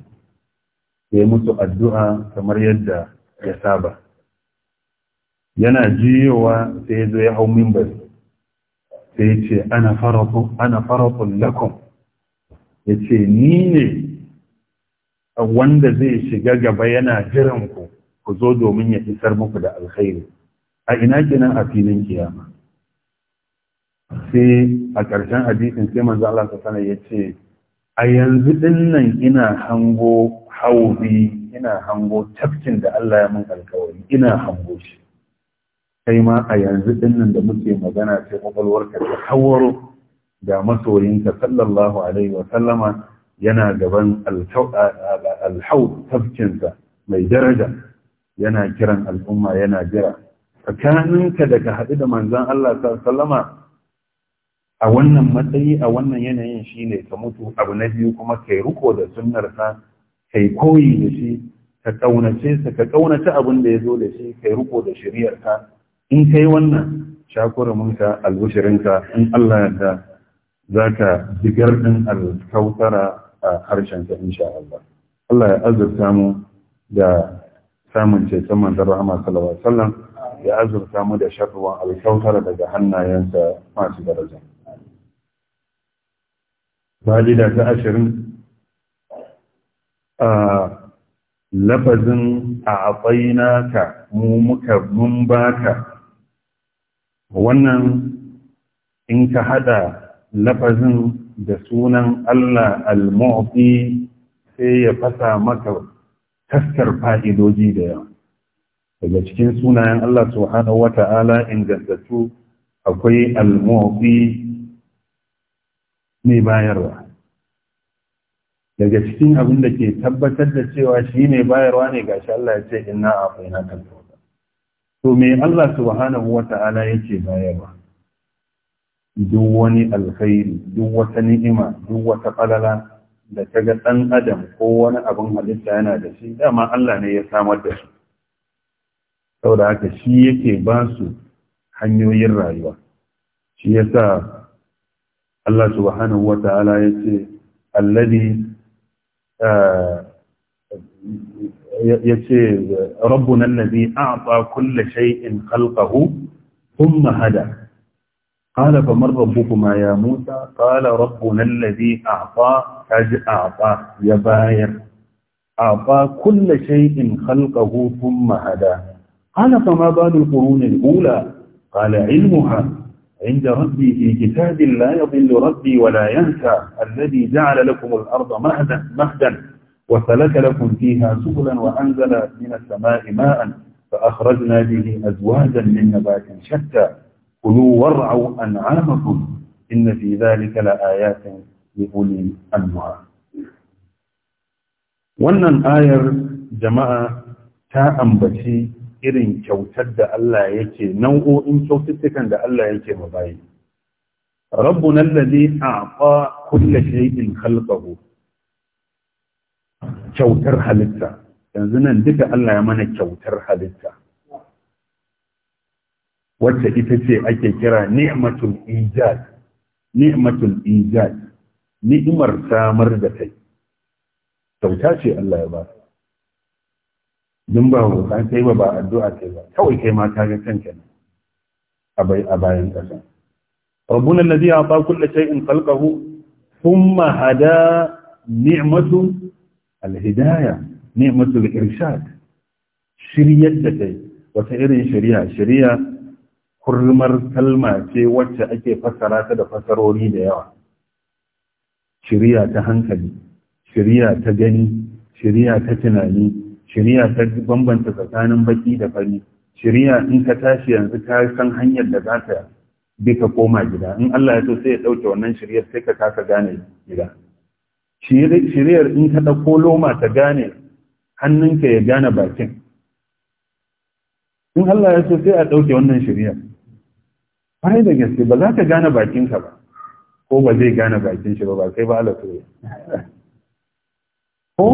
sai mutu addu'a kamar yadda ya saba yana jiyowa sai zo ya hau mimbar sai ce ana farakun lakon. ya ce ni ne wanda zai shiga gaba yana jiran ku ku zo domin ya isar muku da alkhairi a ina kenan a filin kiyama sai a ƙarshen hadisin sai manzo Allah ta sanar ya ce a yanzu dinnan ina hango haubi ina hango tafkin da Allah ya mun alkawari ina hango shi kai ma a yanzu dinnan da muke magana sai kwakwalwarka ta kawar da masoyinka sallallahu alaihi wa sallama yana gaban alhau tafkinsa mai daraja yana kiran al'umma yana jira tsakaninka daga haɗu da manzon Allah sallama a wannan matsayi a wannan yanayin shi ne ka mutu abu na biyu kuma kai riko da sunnarsa kai koyi da shi ka ƙaunace sa ka ƙaunace abin da ya zo da shi kai riko da shari'arsa in yi wannan shakuraminka albushirinka in Allah yarda za ka jigar ɗin alkautara a harshenka insha Allah. Allah ya azurta mu da samun ceton manzan rahama sallallahu alaihi wasallam ya azurta mu da sharruwan alkautara daga hannayensa masu daraja. fa'ida ta ashirin a lafazin a afaina ka mu muka mun baka wannan in ka hada lafazin da sunan Allah al sai ya fasa maka taskar fa'idoji da yawa daga cikin sunayen Allah subhanahu wata'ala ingantattu akwai al mai bayarwa daga cikin abin da ke tabbatar da cewa shi ne bayarwa ne ga shi Allah ya ce inna a faina kalfauta to me Allah subhanahu wa ta'ala ya ce bayarwa duk wani alkhairi duk wata ni'ima duk wata falala da ta ga ɗan adam ko wani abin halitta yana da shi dama Allah ne ya samar da su saboda haka shi yake ba su hanyoyin rayuwa shi yasa الله سبحانه وتعالى ta'ala الذي ce آه، ربنا الذي أعطى كل شيء خلقه ثم هدى قال فمن ربكما يا موسى قال ربنا الذي أعطى كاج أعطى يباير أعطى كل شيء خلقه ثم هدى قال فما بال القرون الأولى قال علمها عند ربي في كتاب لا يضل ربي ولا ينسى الذي جعل لكم الأرض مهدا, مهدا وسلك لكم فيها سبلا وأنزل من السماء ماء فأخرجنا به أزواجا من نبات شتى كلوا وارعوا أنعامكم إن في ذلك لآيات لأولي النهى wannan ayar jama'a ta ambaci irin kyautar da Allah yake nau'o'in kyaututtukan da Allah yake ma bayi a allazi a'ta kulli shay'in khalqahu kyautar halitta yanzu nan duka Allah ya mana kyautar halitta wacce ita ce ake kira ni'matul ijad ni'matul ijad ni'imar samar da kai kyauta ce Allah ya ba dun ba roƙa kai ba ba addu'a kai ba kawai kai ma ka ga kanka ne a bayan ƙasa rabbuna alladhi ata kulli shay'in khalqahu thumma hada ni'matu alhidayah ni'matu alirshad shiryar da kai wata irin shari'a shari'a kurmar kalma ce wacce ake fassara ta da fasarori da yawa shari'a ta hankali shari'a ta gani shari'a ta tunani shirya ta bambanta tsakanin baki da fari shirya in ka tashi yanzu ka san hanyar da za ta bi ka koma gida in Allah ya so sai ya ɗauke wannan shiryar sai ka kasa gane gida shiryar in ka ɗauko loma ta gane hannunka ya gane bakin in Allah ya so sai a ɗauke wannan shiryar kwarai da gaske ba za ka gane bakinka ba ko ba zai gane bakin shi ba ba sai ba Allah so ko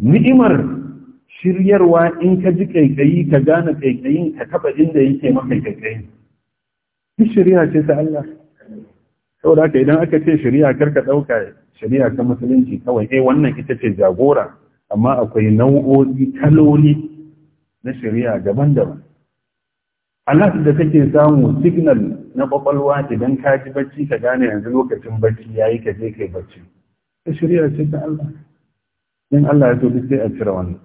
ni'imar shiryarwa in ka ji kaikayi ka gane ƙaiƙayin ka taba inda yake maka kaikayi duk shari'a ce ta Allah saboda haka idan aka ce shari'a ka dauka shari'a ta musulunci kawai eh wannan ita ce jagora amma akwai nau'o'i kaloli na shari'a daban-daban Allah da kake samu signal na kwakwalwa idan ka ji bacci ka gane yanzu lokacin bacci yi ka je kai bacci Ka shirya ce ta Allah in Allah ya so duk sai a cire wannan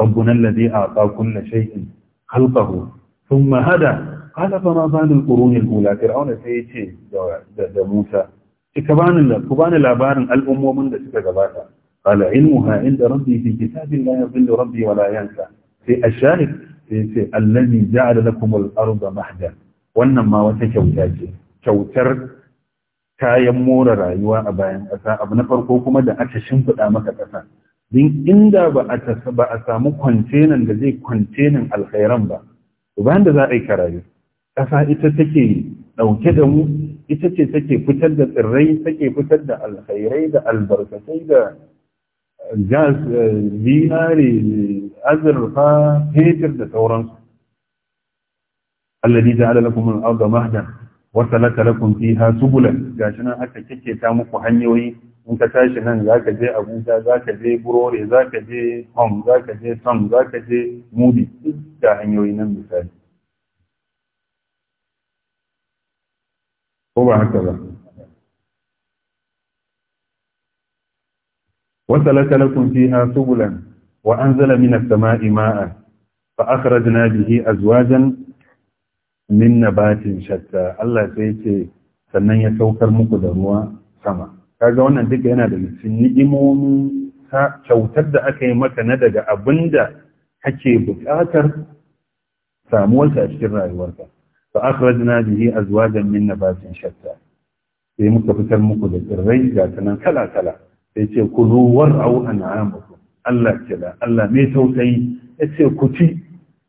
ربنا الذي أعطى كل شيء خلقه ثم هدى قال فما بال القرون الأولى فرعون سيتي دا موسى كبان الأبار الأمم من دسك جباتا قال علمها عند ربي في كتاب لا يضل ربي ولا ينسى في الشاهد في الذي جعل لكم الأرض محدا وانما وتكوتاجي kyautar kayan more rayuwa a bayan ƙasa abu na farko kuma da aka shimfiɗa maka ƙasa din inda ba a ba a samu kwantenan da zai kwantenan alkhairan ba to bayan da za a yi karayu ƙasa ita take ɗauke da mu ita ce take fitar da tsirrai take fitar da alkhairai da albarkatai da gas eh, zinare azurfa fetur da sauransu alladhi ja'ala lakum al-ardha mahdan wa salaka lakum fiha subulan gashi nan aka kike ta muku hanyoyi in ka tashi nan za ka je abuja za ka je burore za ka je home za ka je song za ka je mudi da hanyoyi nan misali ko ba haka ba wata lakalakun kun fi na subulan wa an zala min sama'i ma'a fa akhrajna bihi azwajan min nabatin shatta Allah sai ce sannan ya saukar muku da ruwa sama kaga wannan duk yana da ni'imomi kyautar da aka yi maka na daga abin da kake buƙatar samuwarka a cikin rayuwarka fa akhrajna bihi azwajan min nabatin shatta sai muka fitar muku da tsirrai ga tanan kala kala sai ce ku zo war'au an'amukum Allah da, Allah mai tausayi yace ku ci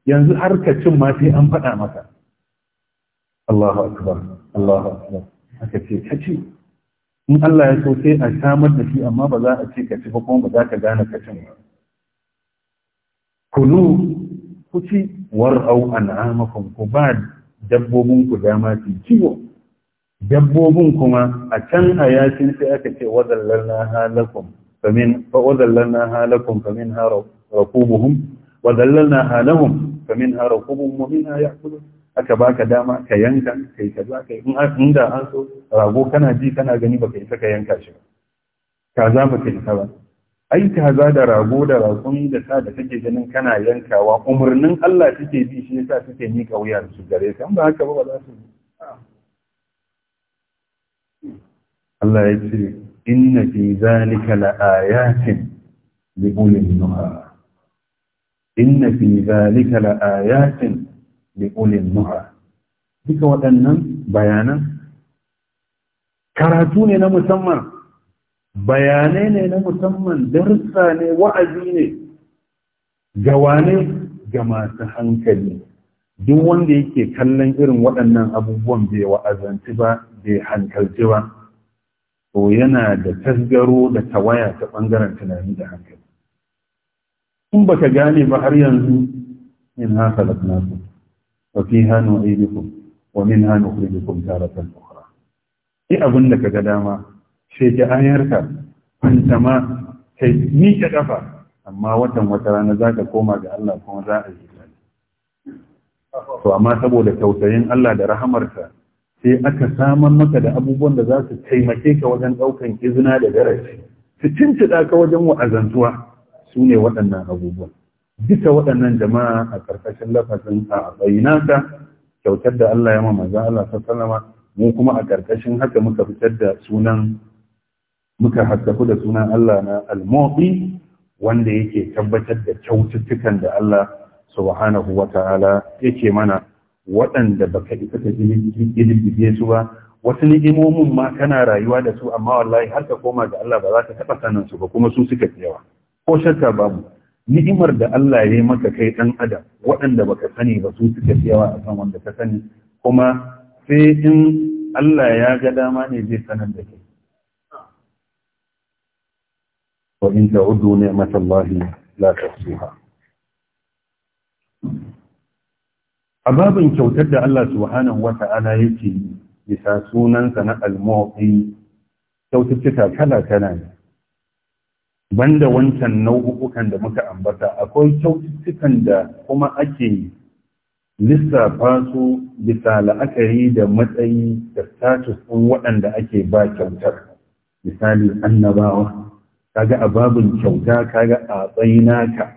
yanzu har ka cin ma sai an faɗa maka Allahu akbar Allahu akbar aka ce ka ci in Allah ya so sai a samar da shi amma ba za a ce ka ci ba kuma ba za ka gane ka cin ba kulu ku ci war'au an'amakum ku ba dabbobin ku dama su kiwo dabbobin kuma a can a yakin sai aka ce wadallalna halakum famin fa wadallalna halakum famin harakubuhum wadallalna halahum famin harakubuhum wa minha ya'kulun aka baka dama ka yanka kai kaza kai in an da an so rago kana ji kana gani baka isa ka yanka shi ba kaza baka isa ba ai kaza da rago da ragon da ta da take ganin kana yankawa umarnin Allah take bi shi yasa take ka wuya su gare ka ba haka ba ba za su Allah ya ce inna fi zalika laayatin li ulil nuha inna fi zalika laayatin li ulin nuha duka waɗannan bayanan karatu ne na musamman bayanai ne na musamman darussa ne wa'azi ne gawane ga masu hankali duk wanda yake kallon irin waɗannan abubuwan bai wa'azanci ba bai hankalci ba to yana da tasgaro da tawaya ta ɓangaren tunani da hankali in baka gane ba har yanzu in haka da tunanin ففيها نعيدكم ومنها نخرجكم تارة أخرى إيه أبن لك قداما شيك آيارك أنت ما ميك كفا أما وتم وترانا ذاك كوما Allah الله كوما ذا أجيبان فأما saboda tausayin Allah da رحمرك sai aka samar maka da abubuwan da za su taimake ka wajen ɗaukan izina da darasi su cinci ka wajen wa'azantuwa su ne waɗannan abubuwan duka waɗannan jama'a a ƙarƙashin lafazin a bayinansa kyautar da Allah ya ma maza Allah sallama mu kuma a ƙarƙashin haka muka fitar da sunan muka haskaku da sunan Allah na al wanda yake tabbatar da kyaututtukan da Allah subhanahu wata'ala yake mana waɗanda baka isa ka ilibige su ba wasu ni'imomin ma kana rayuwa da su amma wallahi har ka koma ga Allah ba za ka taɓa sanin su ba kuma su suka fi yawa ko shakka babu ni'imar da Allah ya yi maka kai ɗan adam waɗanda baka sani ba su suka fi yawa akan wanda ka sani kuma sai in Allah ya ga dama ne zai sanar da kai wa in ne ni'matallahi la A babin kyautar da Allah subhanahu wata'ala yake bisa sunansa na al-mu'ti kyaututtuka kala kala ne banda wancan nau'ukan da muka ambata akwai kyaututtukan da kuma ake lissafa su bisa la'akari da matsayi da status ɗin waɗanda ake ba kyautar misali annabawa kaga a babin kyauta kaga a tsayinaka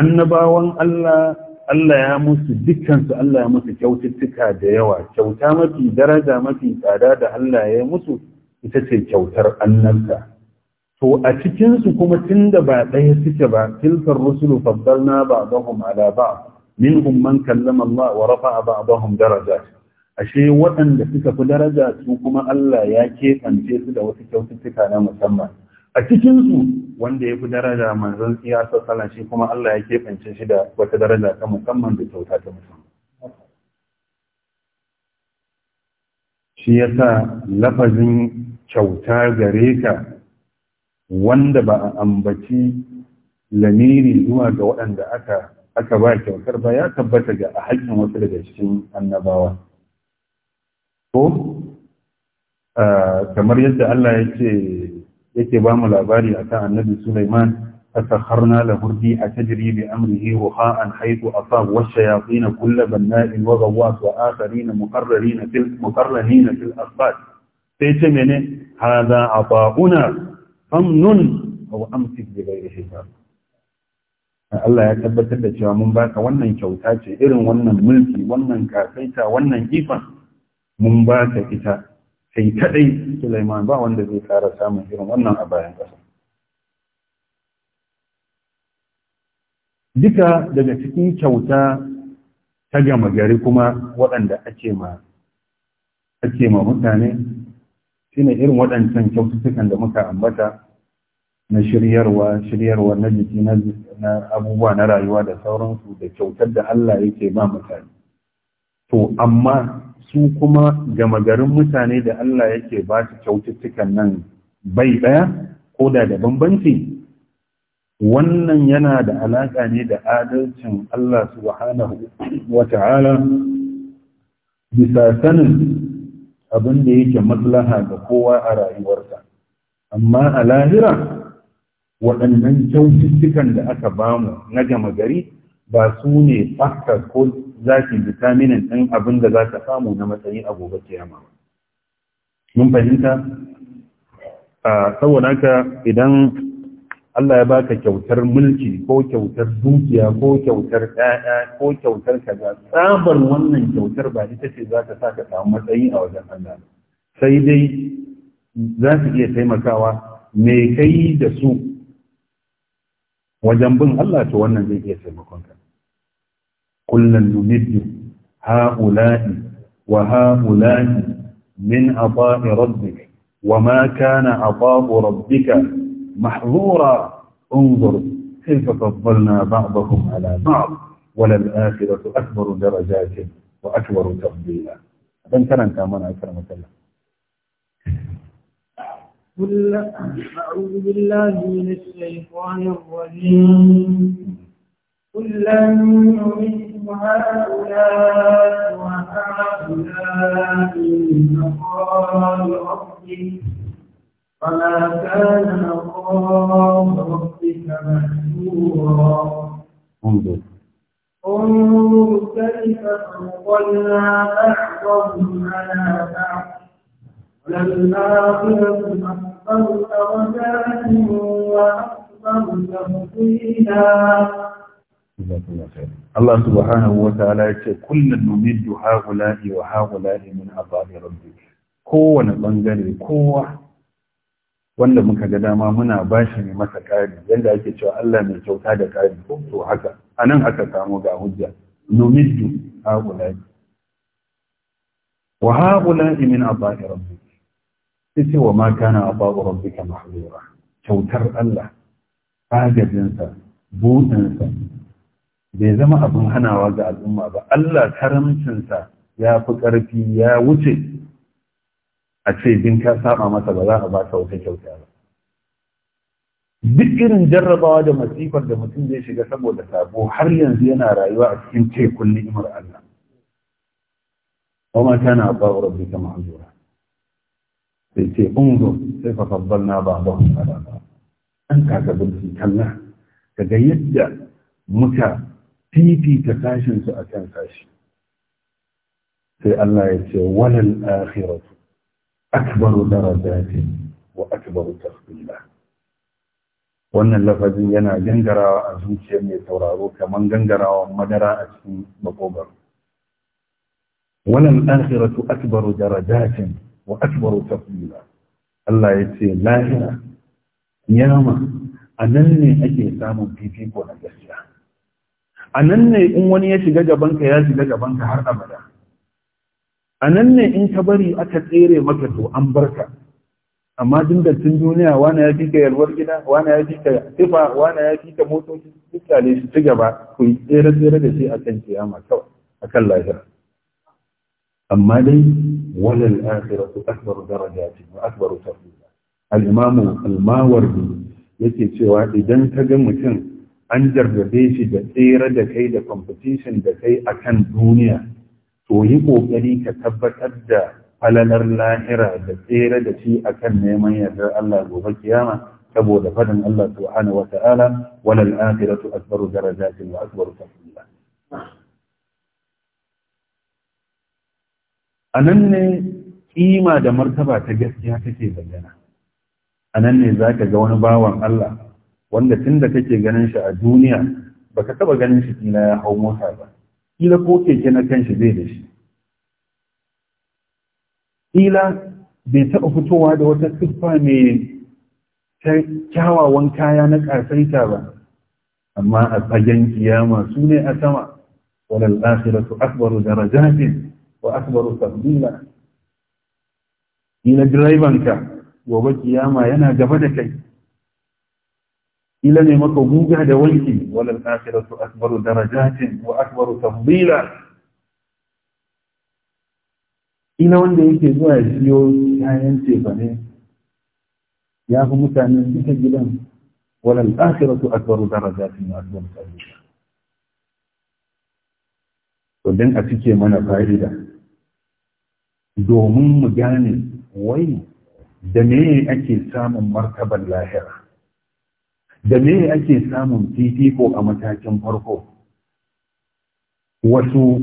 annabawan Allah Allah ya musu dukkansu Allah ya musu kyaututtuka da yawa kyauta mafi daraja mafi tsada da Allah ya musu ita ce kyautar annabta to a cikinsu kuma tun da ba ɗaya suke ba tilkar rusulu na ba bahum ala ba minhum man kallama Allah wa rafa'a ba'dahum daraja. ashe waɗanda suka fi daraja su kuma Allah ya kefance su da wasu kyaututtuka na musamman a cikinsu wanda ya fi daraja manzon iya sassala shi kuma Allah ya kefance shi da wata daraja ta musamman da kyauta ta musamman shi yasa lafazin kyauta gare ka wanda ba a ambaci lamiri zuwa ga waɗanda aka aka ba kyautar ba ya tabbata ga a haƙƙin wasu daga cikin annabawa ko kamar yadda Allah yake yake ba mu labari a kan annabi Sulaiman فسخرنا له الريح تجري بأمره رخاء حيث أصاب والشياطين كل بناء وغواص وآخرين مقررين في مقرنين في الأصفاد "Haza هذا عطاؤنا amnun wa amsik bi ghairi hisab Allah ya tabbatar da cewa mun baka wannan kyauta ce irin wannan mulki wannan kafaita wannan ifan mun baka ita sai kadai Sulaiman ba wanda zai fara samun irin wannan a bayan kasa duka daga cikin kyauta ta gama gari kuma waɗanda ake ma ake ma mutane shine irin waɗancan kyaututtukan da muka ambata na shiryarwa shiryarwa na jiki na abubuwa na rayuwa da sauransu da kyautar da Allah yake ba mutane to amma su kuma gama garin mutane da Allah yake ba su kyaututtukan nan bai ɗaya ko da da bambanci wannan yana da alaƙa ne da adalcin Allah subhanahu wa ta'ala bisa sanin abin da yake maslaha ga kowa a rayuwarsa amma a lahira waɗannan kyaututtukan da aka bamu na gama gari ba su ne fakta ko zafi vitaminin ɗin abin da za ka samu na matsayi a gobe kiyama mun fahimta saboda haka idan Allah ya baka kyautar mulki ko kyautar dukiya ko kyautar ɗaya ko kyautar kaza tsabar wannan kyautar ba ita ce za ta sa ka samu matsayi a wajen Allah sai dai za su iya taimakawa me kai da su wajen bin Allah to wannan zai iya taimakon ka kullun numiddu ha'ula'i wa ha'ula'i min ata'i rabbik wa ma kana ata'u rabbika محظورا انظر كيف فضلنا بعضهم على بعض وللآخرة أكبر درجات وأكبر تفضيلا dan karanta mana aikar matsala. قل أعوذ بالله من الشيطان الرجيم قل لن نمد هؤلاء وهؤلاء من مقام ربك فما كان ربك محجورا انظر انظر كيف تنقلنا بعضهم على بعض لما قلت أحصرت وجاءت وأحصرت تفصيلا الله سبحانه وتعالى كل نمد هؤلاء وهؤلاء من أبطال ربك كون بنجري كون wanda muka ga dama muna ba shi ne masa ƙari yadda ake cewa Allah mai kyauta da ƙari ko to haka nan aka samu ga hujja numiddu haƙulai wa haƙulai min aba'i rabbik ce wa na kana rabbi ka mahalura kyautar Allah agajinsa buɗinsa bai zama abin hanawa ga al'umma ba Allah karamcinsa ya fi ƙarfi ya wuce a ce in ka saba masa ba za a ba ka wata kyauta ba duk irin jarrabawa da masifar da mutum zai shiga saboda sabo har yanzu yana rayuwa a cikin tekun ni'imar Allah وما كان عطاء ربك محظورا sai ungo sai fa faddalna ba'dahum ala ba'd an ka ga bunci kalla daga yadda muka fifita sashin su akan sashi sai Allah ya ce walal akhiratu akbaru darajatin wa akbaru tafdila wannan lafazi yana gangarawa a zuciyar mai sauraro kamar gangarawa madara a cikin makogar wannan akhiratu akbaru darajatin wa akbaru tafdila Allah ya ce lahira yama a nan ne ake samun fifiko na gaskiya a nan ne in wani ya shiga gabanka ya shiga gabanka har abada a nan ne in ka bari aka tsere maka to an barka amma dindattun duniya wani ya fi ka yalwar gida wani ya fi ka tufa wani ya fi ka motoci mutane su ci gaba ku yi tsere-tsere da shi a kan kiyama kawai a kan lahira amma dai walal su akbaru daraja wa akbaru tafdila al Al'imamu al-mawardi yake cewa idan ka ga mutum an jarrabe shi da tsere da kai da competition da kai a kan duniya to yi ƙoƙari ka tabbatar da falalar lahira da tsere da shi kan neman yardar Allah gobe kiyama saboda faɗin Allah subhanahu wata ala walal akhiratu asbaru darajatin wa asbaru tafdila anan ne kima da martaba ta gaskiya take bayyana anan ne zaka ga wani bawan Allah wanda tunda kake ganin shi a duniya baka taba ganin shi kila ya hau mota ba kila ko keke na kanshi zai da shi kila bai taɓa fitowa da wata siffa mai kyawawan kaya na ƙasaita ba amma a fagen kiyama su ne a sama wani walal akhiratu akbaru darajatin wa akbaru tafdila ina direbanka gobe kiyama yana gaba da kai ila ne maka guga da wanki walal akhiratu akbaru darajatin wa akbaru tafdila ina wanda yake zuwa ya siyo kayan tefa ne ya fi mutane duka gidan walal akhiratu akbaru darajatin wa akbaru tafdila to dan a cike mana fa'ida domin mu gane wai da me ake samun martaban lahira da me ake samun fifiko a matakin farko wasu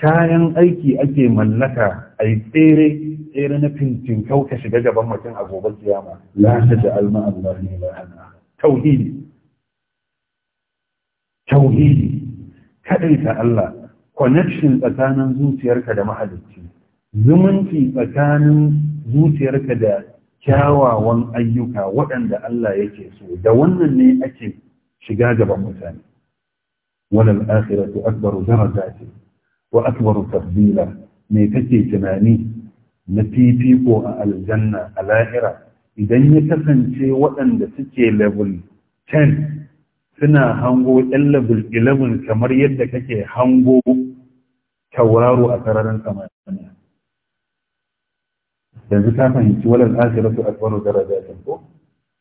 kayan aiki ake mallaka a yi tsere tsere na fintin kyau shiga gaban mutum a gobe kiyama la ta da alma Allah ne la tauhidi tauhidi kadaita Allah connection tsakanin zuciyarka da mahalicci zumunci tsakanin zuciyarka da kyawawan ayyuka waɗanda Allah yake so da wannan ne ake shiga gaban mutane walal akhiratu akbaru darajati wa akbaru tafdila me kake tunani na fifiko a aljanna a lahira idan ya kasance waɗanda suke level 10 suna hango ɗan level 11 kamar yadda kake hango tauraro a sararin samaniya yanzu ta fahimci walal akhiratu akbaru darajatin ko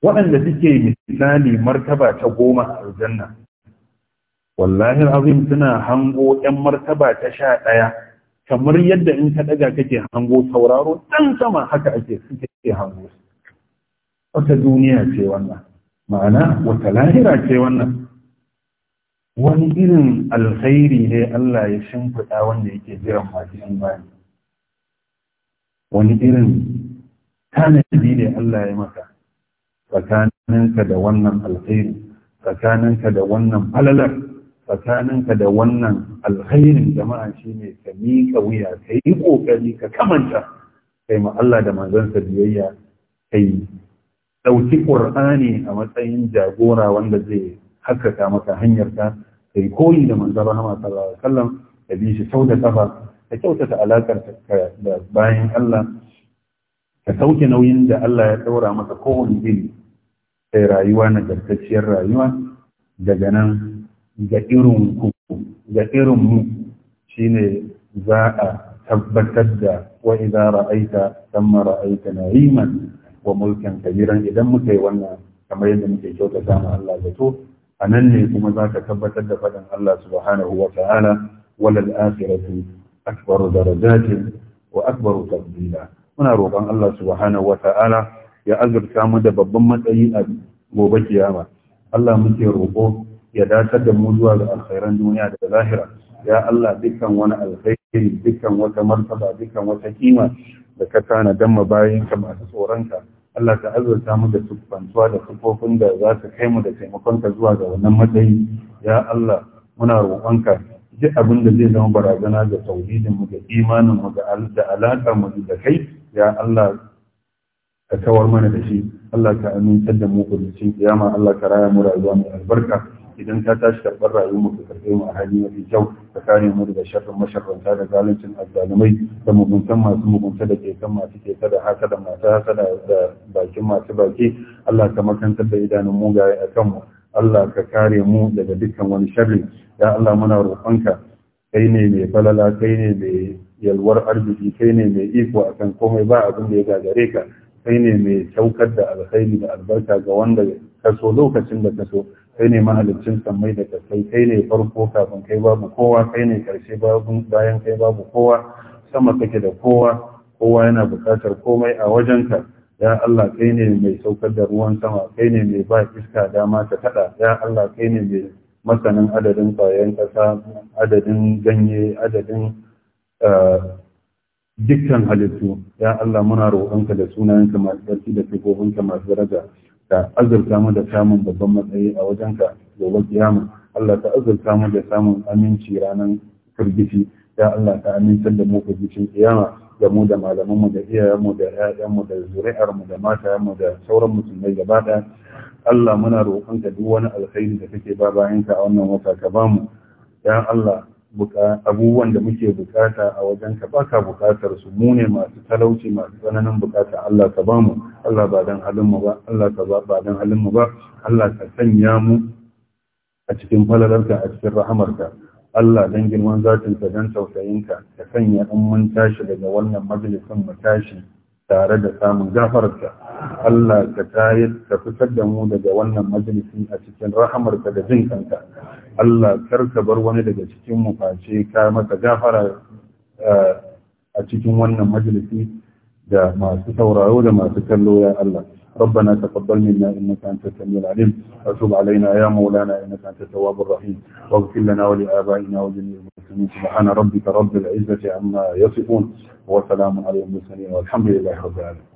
waɗanda suke misali martaba ta goma a aljanna wallahi azim suna hango yan martaba ta sha ɗaya kamar yadda in ka daga kake hango sauraro dan sama haka ake suke hango wata duniya ce wannan ma'ana wata lahira ce wannan wani irin alkhairi ne Allah ya shimfiɗa wanda yake jiran masu imani wani irin tanadi ne Allah ya maka tsakaninka da wannan alkhairi tsakaninka da wannan falalar tsakaninka da wannan alkhairin jama'a ne ka miƙa wuya ka yi ƙoƙari ka kamanta kai ma Allah da manzansa biyayya kai ɗauki ƙur'ani a matsayin jagora wanda zai haskaka maka hanyar ka kai koyi da manzon rahama sallallahu alaihi wasallam da bi shi sau da ƙafa ka kyautata alakar da bayan Allah ka sauke nauyin da Allah ya ɗaura masa kowane iri sai rayuwa na gartacciyar rayuwa daga nan ga irin ku ga irin mu shine za a tabbatar da wa idza ra'aita thumma ra'aita na'iman wa mulkan kabiran idan muka yi wannan kamar yadda muke kyautata ma Allah zato a nan ne kuma za ka tabbatar da faɗin Allah subhanahu wa ta'ala walal akhiratu akbar darajatin wa akbar tafdila muna roƙon Allah subhanahu wata'ala ya azurta mu da babban matsayi a gobe kiyama Allah muke roƙo ya dace da mu zuwa ga alkhairan duniya da zahira ya Allah dukkan wani alkhairi dukkan wata martaba dukkan wata kima da ka tana dan mabayinka masu tsoronka Allah ta azurta mu da siffantuwa da siffofin da za su kai mu da taimakonka zuwa ga wannan matsayi ya Allah muna roƙonka duk abin da zai zama barazana ga tauhidinmu ga imaninmu da alaƙarmu da kai ya Allah ka kawar mana da shi Allah ka amintar da mu kuducin kiyama Allah ka raya mu rayuwa mai albarka idan ka tashi karɓar rayuwar mu ka karɓe mu a hali mafi kyau ka kare mu daga sharrin masharranta da zaluncin azzalumai da muguntan masu mugunta da ke kan masu keta da haka da masu haka da bakin masu baki Allah ka makantar da idanun mugaye a kanmu Allah ka kare mu daga dukkan wani sharri ya Allah muna roƙonka kai ne mai falala kai ne mai yalwar arziki kai ne mai iko akan komai ba abin da ya gagare ka kai ne mai saukar da alkhairi da albarka ga wanda ka so lokacin da ka so kai ne mahalicin sammai da kasai kai ne farko kafin kai babu kowa kai ne karshe bayan kai babu kowa sama kake da kowa kowa yana buƙatar komai a wajenka ya Allah kai ne mai saukar da ruwan sama kai ne mai ba iska dama ta kada ya Allah kai ne mai masanin adadin ƙwayoyin ƙasa adadin ganye adadin eh, dukkan halittu ya Allah muna roƙonka da sunayenka masu ƙarfi da sifofinka masu daraja ka azurta mu da samun babban matsayi a wajenka gobe kiyama Allah ka azurta mu da samun aminci ranar firgici ya Allah ka amintar da mu firgicin kiyama da mu da malamanmu da iyayenmu da ƴaƴanmu da zuri'armu da matayenmu da sauran musulmai gaba ɗaya Allah muna roƙonka duk wani alkhairi da kake ba bayanka a wannan wata ka ba mu ya Allah abubuwan da muke bukata a wajen ka baka bukatar su mu ne masu talauci masu tsananin bukata Allah ka ba mu Allah ba dan halin mu ba Allah ka ba ba dan halin mu ba Allah ka sanya mu a cikin falalarka a cikin rahamarka Allah don girman zatinsa don tausayin ka sanya in mun tashi daga wannan majalisin mu tashi tare da samun gafararka Allah ka tayar ka fitar da mu daga wannan majalisi a cikin rahamarka da jin kanka Allah kar ka bar wani daga cikin mu face ka masa gafara eh, a cikin wannan majalisi da masu sauraro da masu kallo ya Allah ربنا تقبل منا إنك أنت السميع العليم وتب علينا يا مولانا إنك أنت التواب الرحيم واغفر لنا ولآبائنا وجميع المسلمين سبحان ربك رب العزة عما يصفون وسلام على المرسلين والحمد لله رب العالمين